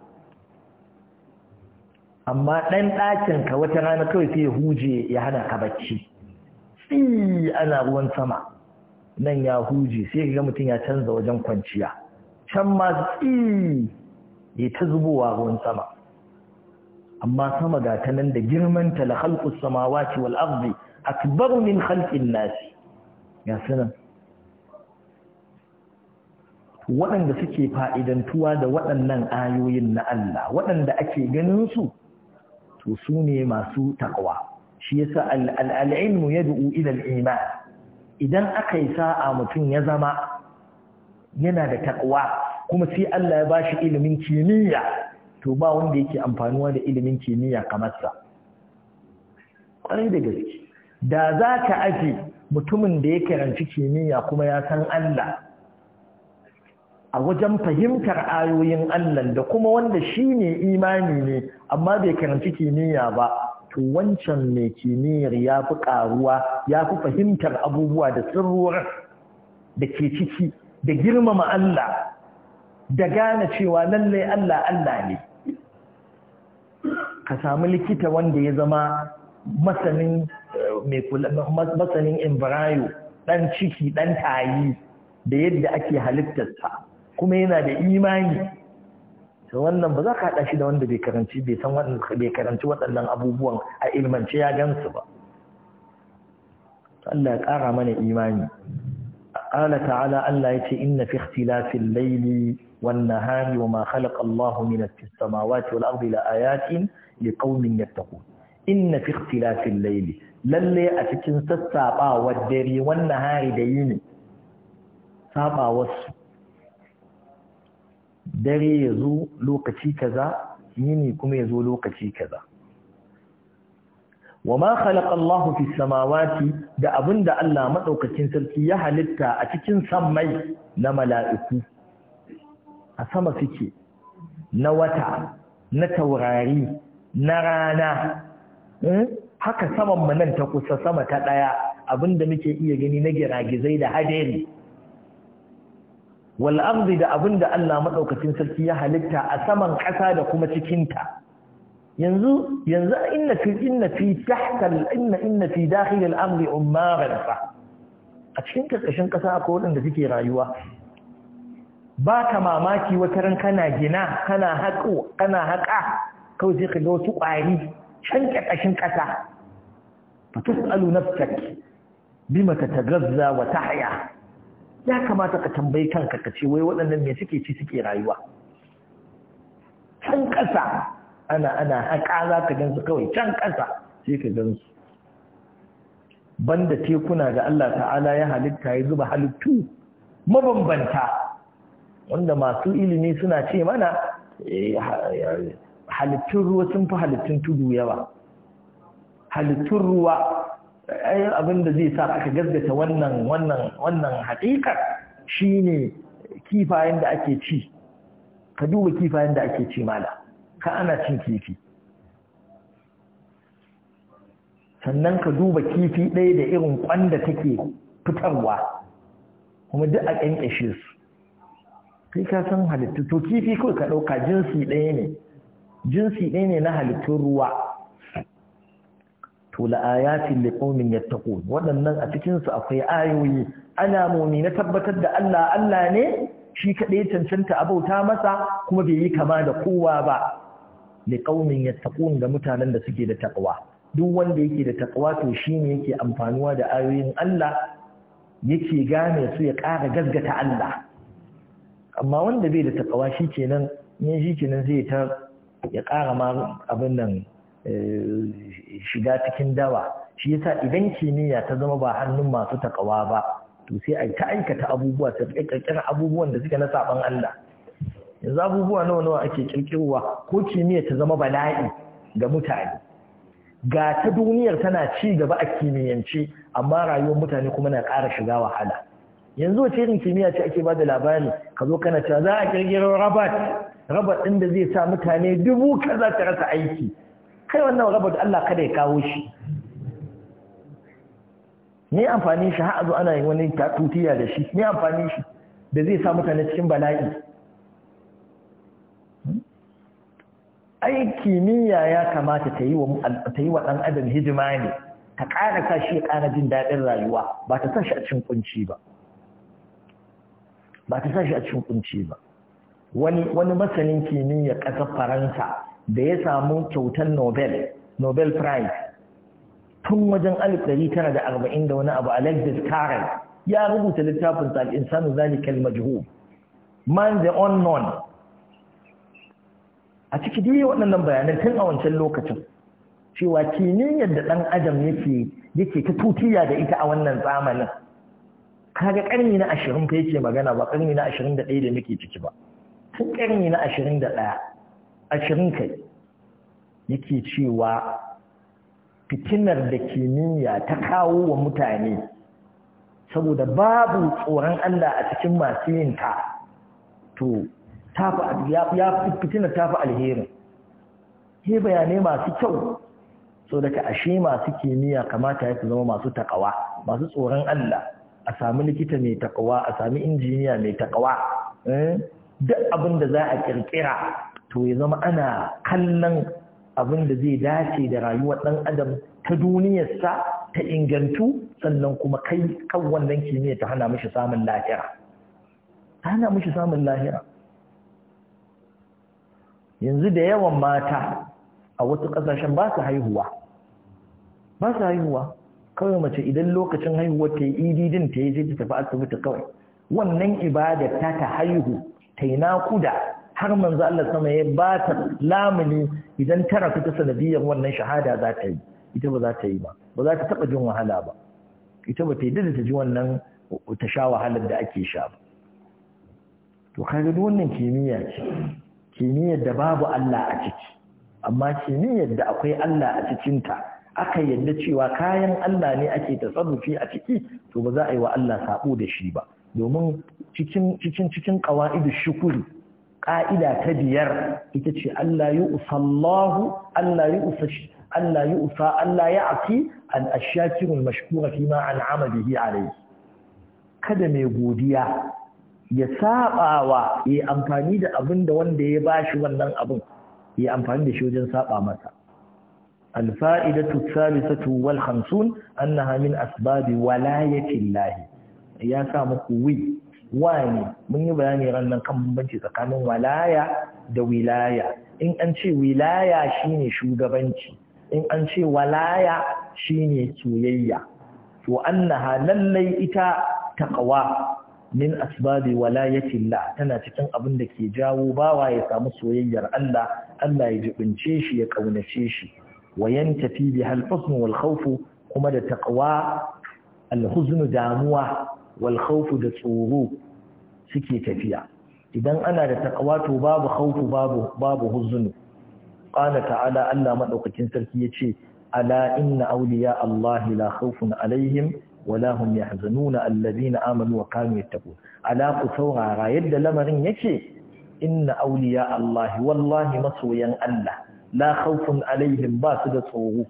amma ɗan ɗakinka wata rana kawai sai ya huje ya hana ka bacci tsi ana ruwan sama nan ya huje sai ga mutum ya canza wajen kwanciya can masu tsiri ne ta zubowa ruwan sama amma sama ga ta nan da girman ta la khalqus samawati wal ardi halkin min ya sanan waɗanda suke fa'idantuwa da waɗannan ayoyin na Allah waɗanda ake ganin su to su ne masu takwa shi yasa al'ilmu ya du'u ilal iman idan aka yi sa'a mutum ya zama yana da takwa kuma sai Allah ya bashi ilimin kimiyya to ba wanda yake amfanuwa da ilimin kimiyya kamar sa kwarai da gaske da za ka aje mutumin da ya karanci kimiyya kuma ya san Allah a wajen fahimtar ayoyin Allah da kuma wanda shi ne imani ne amma bai karanci kimiyya ba to wancan mai kimiyyar ya fi karuwa, ya fi fahimtar abubuwa da tsirruwar da ke ciki da girmama Allah da gane cewa lallai Allah Allah ne ka samu likita wanda ya zama masanin masanin embryo dan ciki dan tayi da yadda ake halittarsa kuma yana da imani to wannan ba za ka hada shi da wanda bai karanci bai san bai karanci waɗannan abubuwan a ilmance ya gansu ba Allah ya ƙara mana imani allah ta'ala Allah yace inna fi ikhtilafil layli والنهار وما خلق الله من السماوات والأرض لآيات لقوم يتقون إن في اختلاف الليل للي أتكن سسابا والدري والنهار دين سابا وسو dare ya zo lokaci kaza yini kuma ya zo lokaci kaza wama khalaqa Allahu fi samawati da abinda Allah madaukakin sarki ya halitta a cikin sammai na mala'iku a sama suke na wata na taurari na rana hmm? haka saman manan nan ta kusa sama ta ɗaya abinda muke iya gani na giragizai da hadari wal da abinda Allah madaukakin sarki ya halitta a saman ƙasa da kuma cikinta? yanzu yanzu inna fi inna fi tahta inna inna fi dakhil al ardi ummaran fa a cikin ƙarƙashin ƙasa akwai waɗanda suke rayuwa ba ka mamaki wata ran kana gina kana haƙo kana haƙa kawai sai ka ga wasu ƙwari can ƙarƙashin ƙasa fa bi nafsak ta tatagazza wa ta haya. ya kamata ka tambayi kanka ka ce wai waɗannan me suke ci suke rayuwa can ƙasa ana ana haƙa za ka gansu kawai can ƙasa sai ka gansu banda tekuna da Allah ta'ala ya halitta ya zuba halittu mabambanta wanda masu ilimi suna ce mana eh, halittun ruwa sun fi halittun tudu yawa halittun ruwa ayin eh, abin da zai sa aka gazgata wannan wannan wannan haƙiƙar ne kifayen da ake ci ka duba kifayen da ake ci mala ka ana cin kifi sannan ka duba kifi ɗaya da irin kwanda take fitarwa kuma duk a ƙyanƙyashe su Sai ka san halittu to kifi kai ka ɗauka jinsi ɗaya ne jinsi ɗaya ne na halittun ruwa to la'ayatin liqaumin yattaqun waɗannan a cikin su akwai ayoyi Ana alamomi na tabbatar da Allah Allah ne shi kaɗai cancanta abauta masa kuma bai yi kama da kowa ba liqaumin yattaqun da mutanen da suke da taqwa duk wanda yake da taqwa to shine yake amfanuwa da ayoyin Allah yake gane su ya ƙara gaggata Allah amma wanda bai da takawa shi kenan ne shi kenan zai ta ya kara ma abin nan eh, shiga cikin dawa shi yasa idan kimiyya ta zama ba hannun masu takawa ba to sai a ta aikata abubuwa ta kirkira abubuwan da suke na saban Allah yanzu abubuwa nawa nawa ake kirkirwa ko kimiyya ta zama bala'i ga mutane ga ta duniyar tana ci gaba a kimiyyance amma rayuwar mutane kuma na kara shiga wahala yanzu wace irin kimiyya ce ake bada labari ka zo kana cewa za a kirkiro rabat rabat ɗin da zai sa mutane dubu kaza ta rasa aiki kai wannan rabat Allah kada ya kawo shi ne amfani shi har a zo ana yin wani tatutiya da shi ne amfani shi da zai sa mutane cikin bala'i ai kimiyya ya kamata ta yi wa ta yi wa dan adam hidima ne ta ƙara sa shi ya ƙara jin daɗin rayuwa ba ta sa shi a cikin kunci ba ba ta sashi a cikin kunci ba wani wani masanin kimiyya ƙasar faransa da ya samu kyautar nobel nobel prize tun wajen alif ɗari tara da arba'in da wani abu alexis carrel ya rubuta littafin sa al'insanu zalikal majhul man the unknown a ciki dai waɗannan bayanan tun a wancan lokacin cewa kimiyyar da ɗan adam yake yake ta tutiya da ita a wannan zamanin kaga karni na ashirin fa yake magana ba karni na ashirin da ɗaya da muke ciki ba tun karni na ashirin da ɗaya ashirin kai yake cewa fitinar da kimiyya ta kawo wa mutane saboda babu tsoron Allah a cikin masu yin ta to ya fitinar tafi alherin sai bayanai masu kyau so daga ashe masu kimiyya kamata ya zama masu takawa masu tsoron Allah a sami likita mai takawa a sami injiniya mai takawa eh, duk abin da za a kirkira to ya zama ana kallon abin da zai dace da rayuwar ɗan adam ta duniyarsa ta ingantu sannan kuma kai kan wannan kimiyya ta hana mishi samun lahira hana mishi samun lahira yanzu da yawan mata a wasu ƙasashen ba su haihuwa ba su haihuwa kawai mace idan lokacin haihuwar ta yi ididin e ta yi zai tafi asibiti kawai wannan ibada ta ta haihu ta yi nakuda har manzo Allah sama ya ba ta lamuni idan ta rafi ta sanadiyar wannan shahada za ta yi ita ba za ta yi ba ba za ta taba jin wahala ba ita ba ta yi da ta ji wannan ta sha wahalar da ake sha ba to kaga duk wannan kimiyya ce kimiyyar da babu Allah a ciki amma kimiyyar da akwai Allah a cikinta aka yadda cewa kayan Allah ne ake tasarrufi a ciki to ba za a yi wa Allah sabo da shi ba domin cikin cikin cikin qawaidu shukuri ƙa'ida ta biyar ita ce Allah yi usallahu Allah yi usashi Allah usa Allah ya aki an ashakirul mashkura fi ma an'ama bihi alayhi kada mai godiya ya sabawa ya amfani da abin da wanda ya bashi wannan abin ya amfani da shi wajen saba masa Alfa'idatu الفائدة الثالثة والخمسون أنها من أسباب ولاية الله يا muku wi, wani mun yi bayani ranar kan bambanci tsakanin walaya da wilaya in an ce wilaya shine shugabanci in an ce walaya shine soyayya to annaha lallai ita taqwa min asbabi walayati Allah tana cikin abin da ke jawo bawa ya samu soyayyar Allah Allah ya jibince shi ya ƙaunace shi wa yantafi biha al-huzn wal khawf kuma da taqwa al-huzn damuwa wal khawf da tsoro suke tafiya idan ana da taqwa to babu khawf babu babu huzn qala ta'ala Allah madaukakin sarki yace ala inna awliya Allah la khawfun alaihim wala hum yahzanuna alladhina amanu wa kanu yattaqun ala ku saurara yadda lamarin yake inna awliya Allah wallahi masoyan Allah la khawfun alaihim ba su da tsoro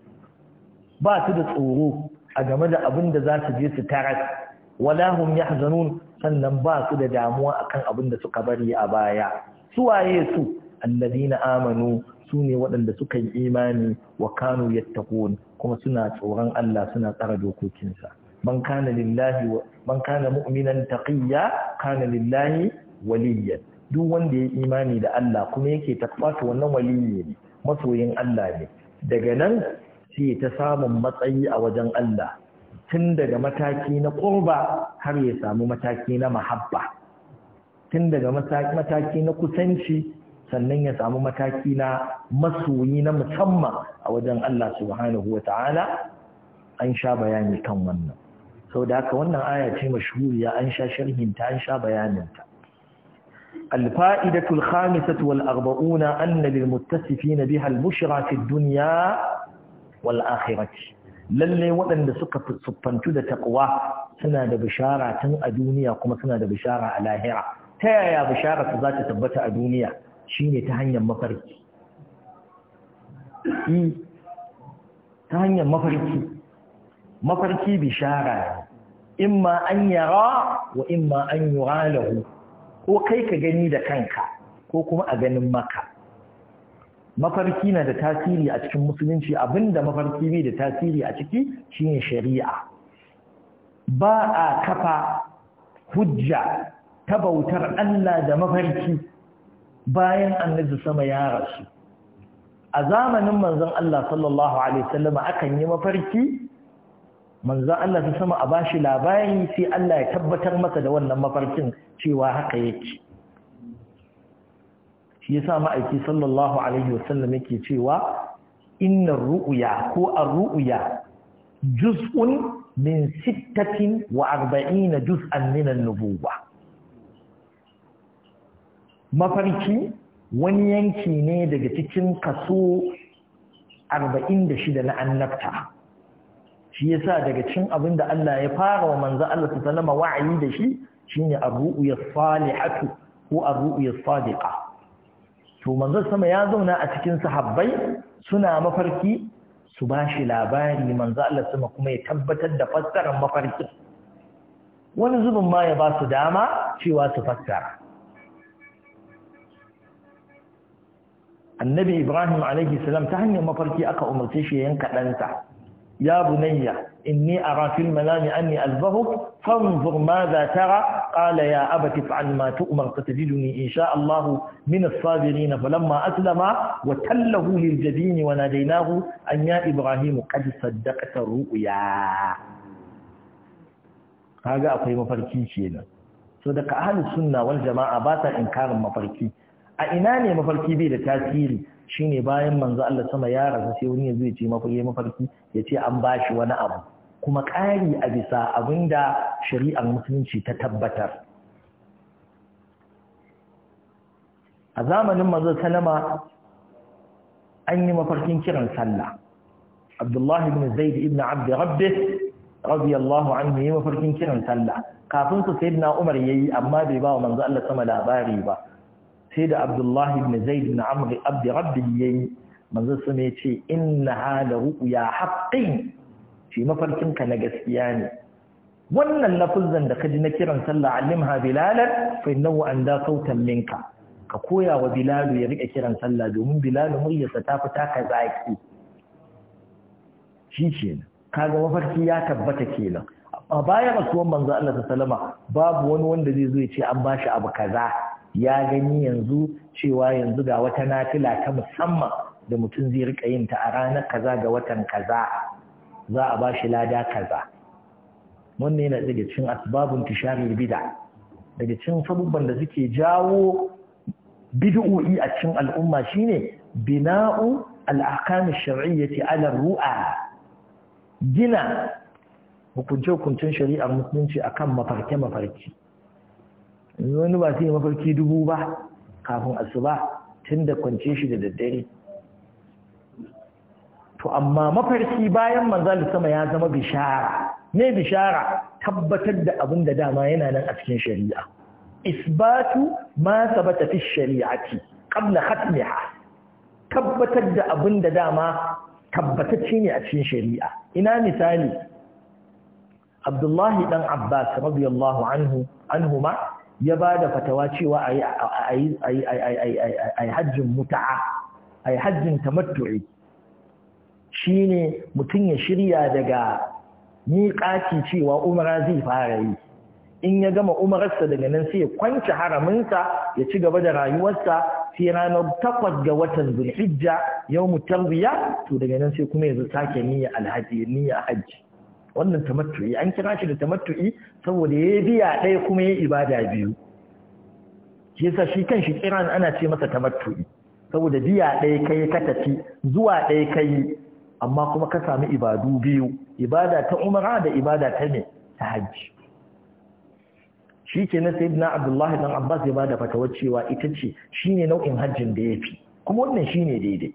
ba su da tsoro a game da abin da za su je su taras wala hum yahzanun sannan ba su da damuwa akan abin da suka bari a baya Su waye su alladina amanu su ne waɗanda suka yi imani wa kanu yattaqun kuma suna tsoron Allah suna tsara dokokinsa man kana lillahi man kana mu'minan taqiyya kana lillahi waliyyan duk wanda ya imani da Allah kuma yake takfatu wannan waliyyi ne masoyin Allah ne daga nan sai ta samun matsayi a wajen Allah tun daga mataki na ƙurba har ya samu mataki na mahabba tun daga mataki na kusanci sannan ya samu mataki na masoyi na musamman a wajen Allah subhanahu wa ta'ala an sha bayani kan wannan sau da haka wannan aya ce mashuriya an sha sharhinta an sha bayaninta الفائدة الخامسة والأربعون أن للمتصفين بها البشرى في الدنيا والآخرة للي وأن سقط سبحانه دا تقوى سنة دا بشارة تن أدونيا وكما سنة دا بشارة على هرة تايا بشارة ذات تبت أدونيا شيني تهنيا مفرق تهنيا مفرق مفرق بشارة إما أن يرى وإما أن يرى له ko kai ka gani da kanka ko kuma a ganin maka mafarki na da tasiri a cikin musulunci abinda mafarki bai da tasiri a ciki shine shari'a ba a kafa hujja ta bautar Allah da mafarki bayan annabi sama ya rasu a zamanin manzon Allah sallallahu alaihi wasallam akan yi mafarki manzon Allah ta sama a bashi labari sai Allah ya tabbatar masa da wannan mafarkin cewa haka yake shi yasa ma'aiki sallallahu alaihi wasallam yake cewa inna ru'ya ko ar-ru'ya juz'un min sittatin wa arba'ina juz'an min an-nubuwa mafarki wani yanki ne daga cikin kaso 46 na annabta shi yasa daga cin abin da Allah ya fara wa manzo Allah ta sallama wa'ayi da shi shine ar-ru'ya salihatu ko ar-ru'ya sadiqa to manzo sama ya zauna a cikin sahabbai suna mafarki su bashi labari manzo Allah sama kuma ya tabbatar da fassarar mafarki wani zubin ma ya ba su dama cewa su fassara annabi ibrahim alaihi salam ta hanyar mafarki aka umarce shi yanka ɗansa يا بني إني أرى في المنام أني أذبهك فانظر ماذا ترى قال يا أبت افعل ما تؤمر ستجدني إن شاء الله من الصابرين فلما أسلم وتله للجبين وناديناه أن يا إبراهيم قد صدقت الرؤيا هذا أقول مفركي شيئا صدق أهل السنة والجماعة باتا إنكار مفركي أئناني مفركي بي لتاثيري shine bayan manzo Allah sama ya rasu sai wani ya zo ya ce yi mafarki ya ce an bashi wani abu kuma ƙari a bisa abinda shari'ar musulunci ta tabbatar a zamanin manzo salama an yi mafarkin kiran sallah Abdullahi ibn Zaid ibn Abd rabbi radiyallahu anhu yi mafarkin kiran sallah kafin su sayyidina Umar yayi amma bai ba wa manzo Allah sama labari ba sai da abdullahi ibn zaid ibn amr abdi rabbi yayi manzo sun ya ce inna hada ya haqqin shi mafarkin ka na gaskiya ne wannan lafuzan da kaji na kiran sallah allimha bilalan fa innahu anda sautan minka ka koya wa bilalu ya rike kiran sallah domin bilalu muryarsa ta fita ka zaki shi ce kaga mafarki ya tabbata kenan a bayan rasuwan manzo Allah sallama babu wani wanda zai zo ya ce an bashi abu kaza ya gani yanzu cewa yanzu ga wata nafila ta musamman da mutum zai rika yin ta a ranar kaza ga watan kaza za a ba shi lada kaza wannan yana daga cikin asbabun tisharil bid'a daga cikin sabubban da suke jawo bid'o'i a cikin al'umma shine bina'u al-ahkam ash-shar'iyyati 'ala rua gina hukunce-hukuncen shari'ar musulunci akan mafarki mafarki wani ba yi mafarki dubu ba kafin asuba tun da kwance shi da daddare to amma mafarki bayan manzal sama ya zama bishara ne bishara tabbatar da abin da dama yana nan a cikin shari'a isbatu ma sabata fi shari'ati qabla khatmiha tabbatar da abin da dama tabbatacce ne a cikin shari'a ina misali Abdullahi dan Abbas radiyallahu anhu ma. ya ba da fatawa cewa a yi hajjin muta'a a yi hajjin tamattu'i shi ne mutum ya shirya daga miƙaci cewa umara zai fara yi in ya gama umararsa daga nan sai ya kwanci haraminsa ya ci gaba da rayuwarsa sai ranar takwas ga watan zulhijja yau mu to daga nan sai kuma ya zo sake niyya alhaji hajji wannan tamattu'i an kira shi da tamattu'i saboda ya biya ɗaya kuma ya ibada biyu shi yasa shi kan shi kiran ana ce masa tamattu'i saboda biya ɗaya kai ka tafi zuwa ɗaya kai amma kuma ka sami ibadu biyu ibada ta umara da ibada ta ne ta hajji shi ke na na abdullahi dan abbas ya da fatawar cewa ita ce shine nau'in hajjin da ya fi, kuma wannan shi ne daidai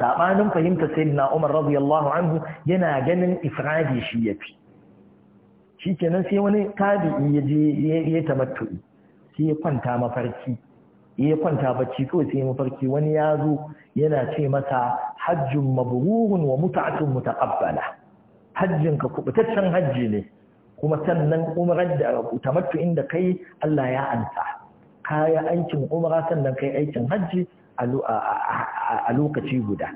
sabanin fahimta na Umar radiyallahu anhu yana ganin ifradi shi yafi kenan sai wani tabi'i ya je ya tamattu'i sai ya kwanta mafarki ya kwanta bacci kawai sai mafarki wani ya zo yana ce masa hajjun mabrurun wa mut'atun mutaqabbala hajjin ka kubutaccen hajji ne kuma sannan umrar da tamattu'in da kai Allah ya ansa kaya aikin umra sannan kai aikin hajji a lokaci guda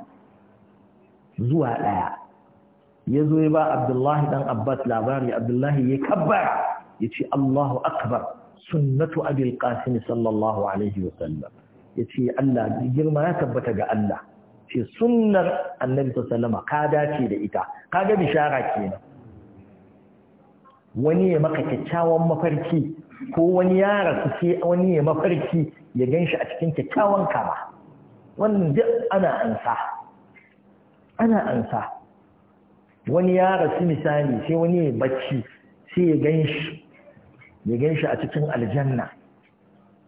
zuwa ɗaya ya zo ya ba abdullahi ɗan abbas labari abdullahi ya kabbara ya ce allahu akbar sunnatu abil qasim sallallahu alaihi sallam. ya ce allah girma ya tabbata ga allah ce sunnar annabi sallama ka dace da ita ka ga bishara kenan wani ya maka kyakkyawan mafarki ko wani ya rasu sai wani ya mafarki ya ganshi a cikin kyakkyawan kama wannan duk ana ansa ana ansa wani ya rasu misali sai wani ya bacci sai ya gan shi ya gan shi a cikin aljanna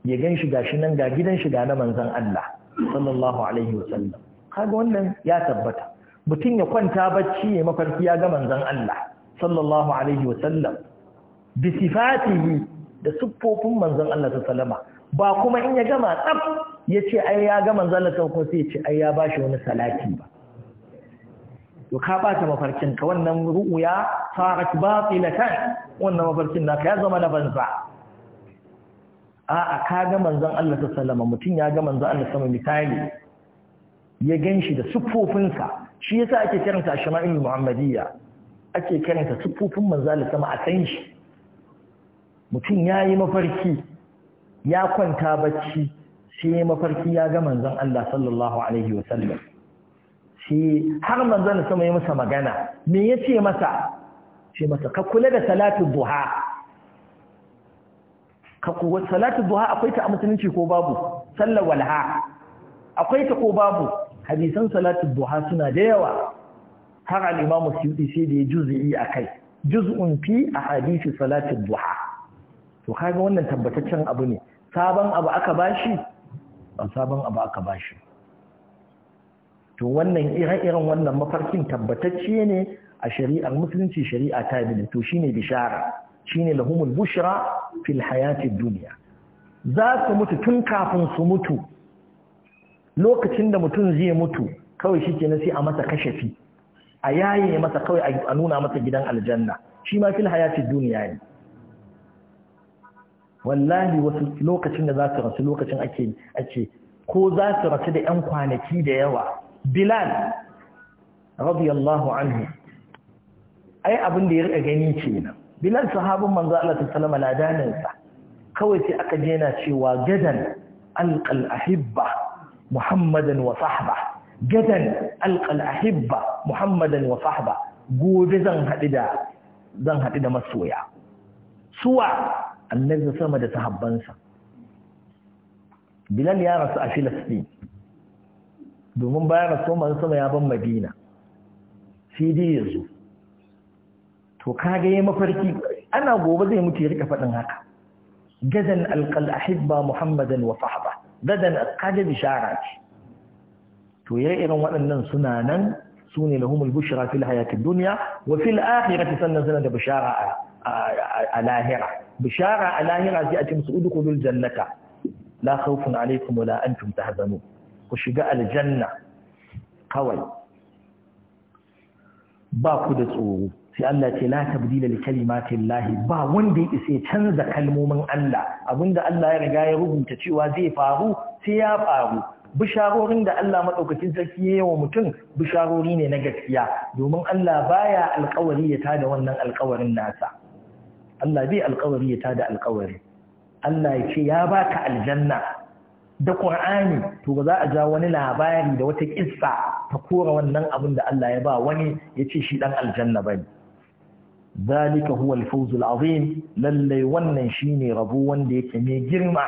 ya gan shi gashi nan ga gidan shi ga na manzan Allah sallallahu alaihi wasallam kaga wannan ya tabbata mutum ya kwanta bacci ya mafarki ya ga manzan Allah sallallahu alaihi wasallam bi sifatihi da siffofin manzon Allah ta salama. ba kuma in ya gama tsaf ya ce ai ya ga manzon Allah sallallahu sai ya ce ai ya bashi wani salati ba to ka ta mafarkin ka wannan ru'uya, ru'ya sarat batilatan wannan mafarkin na ka ya zama na banza a'a ka ga manzon Allah ta salama. mutun ya ga manzon Allah sama misali ya ganshi da siffofinsa shi yasa ake kiranta shama'il muhammadiyya ake kiranta siffofin manzon Allah sama a san shi mutum ya yi mafarki ya kwanta bacci sai ya mafarki ya ga manzan Allah sallallahu alaihi wasallam sai har manzon sama ya masa magana me yace masa ce masa ka kula da salatun duha ka kuwa salatun duha akwai ta a musulunci ko babu sallar walha akwai ta ko babu hadisan salatun buha suna da yawa har Alimamu imamu Suyuti sai da ya juz'i kai juz'un fi a ahadisi salatun buha. to kaga wannan tabbataccen abu ne sabon abu aka bashi ba sabon abu aka bashi to wannan ire-iren wannan mafarkin tabbatacce ne a shari'ar musulunci shari'a ta yi to shine bishara shine lahumul bushra fil hayatid dunya za su mutu tun kafin su mutu lokacin da mutum zai mutu kawai shi ke nasi a masa kashafi a yayi masa kawai a nuna masa gidan aljanna shi ma fil hayatid duniya ne wallahi wasu lokacin da za su rasu lokacin ake ake ko za su rasu da yan kwanaki da yawa bilal radiyallahu anhu ai abin da ya rika gani kenan bilal sahabin manzo Allah sallallahu alaihi wasallam sa kawai sai aka je cewa gadan alqal ahibba muhammadan wa sahba gadan alqal ahibba muhammadan wa sahba gobe zan haɗu da zan haɗu da masoya suwa annabi sama da sahabbansa bilal ya rasu a filistin domin bayan rasu man sama ya ban madina fidi ya zo to kaga ya mafarki ana gobe zai mutu ya rika faɗin haka gadan alƙal ahibba muhammadan wa sahaba gadan kaga bishara ce to ya irin waɗannan suna nan su ne lahumul bushra fil hayatid duniya wa fil akhirati sannan suna da bishara a lahira bishara a lahira zai a cikin su musu kudul jannata la khawfun alaykum wala antum tahzanu ku shiga aljanna kawai ba ku da tsoro sai Allah ce la tabdila li kalimatin lahi ba wanda ya isa canza kalmomin Allah abinda Allah ya riga ya rubuta cewa zai faru sai ya faru bisharorin da Allah maɗaukacin sarki ya yi wa mutum bisharori ne na gaskiya domin Allah baya alkawari ya tada wannan alkawarin nasa Allah bai alkawari ya tada alkawari Allah ya ce ya baka aljanna da ƙur'ani, to ba za a ja wani labari da wata kissa ta kora wannan abin da Allah ya ba wani ya ce shi dan aljanna bane zalika huwa al azim lallai wannan shine rabo wanda yake mai girma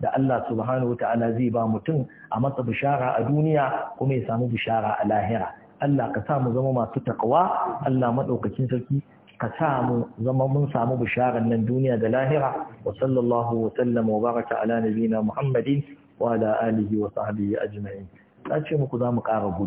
da Allah subhanahu wata'ala zai ba mutum a matsa bishara a duniya kuma ya samu bishara a lahira Allah ka sa mu zama masu takawa Allah maɗaukakin sarki ka mu zama mun samu bisharar nan duniya da lahira wa sallallahu wa sallama wa baraka ala nabina muhammadin wa ala alihi wa sahbihi ajma'in ta ce muku za mu ƙara gudu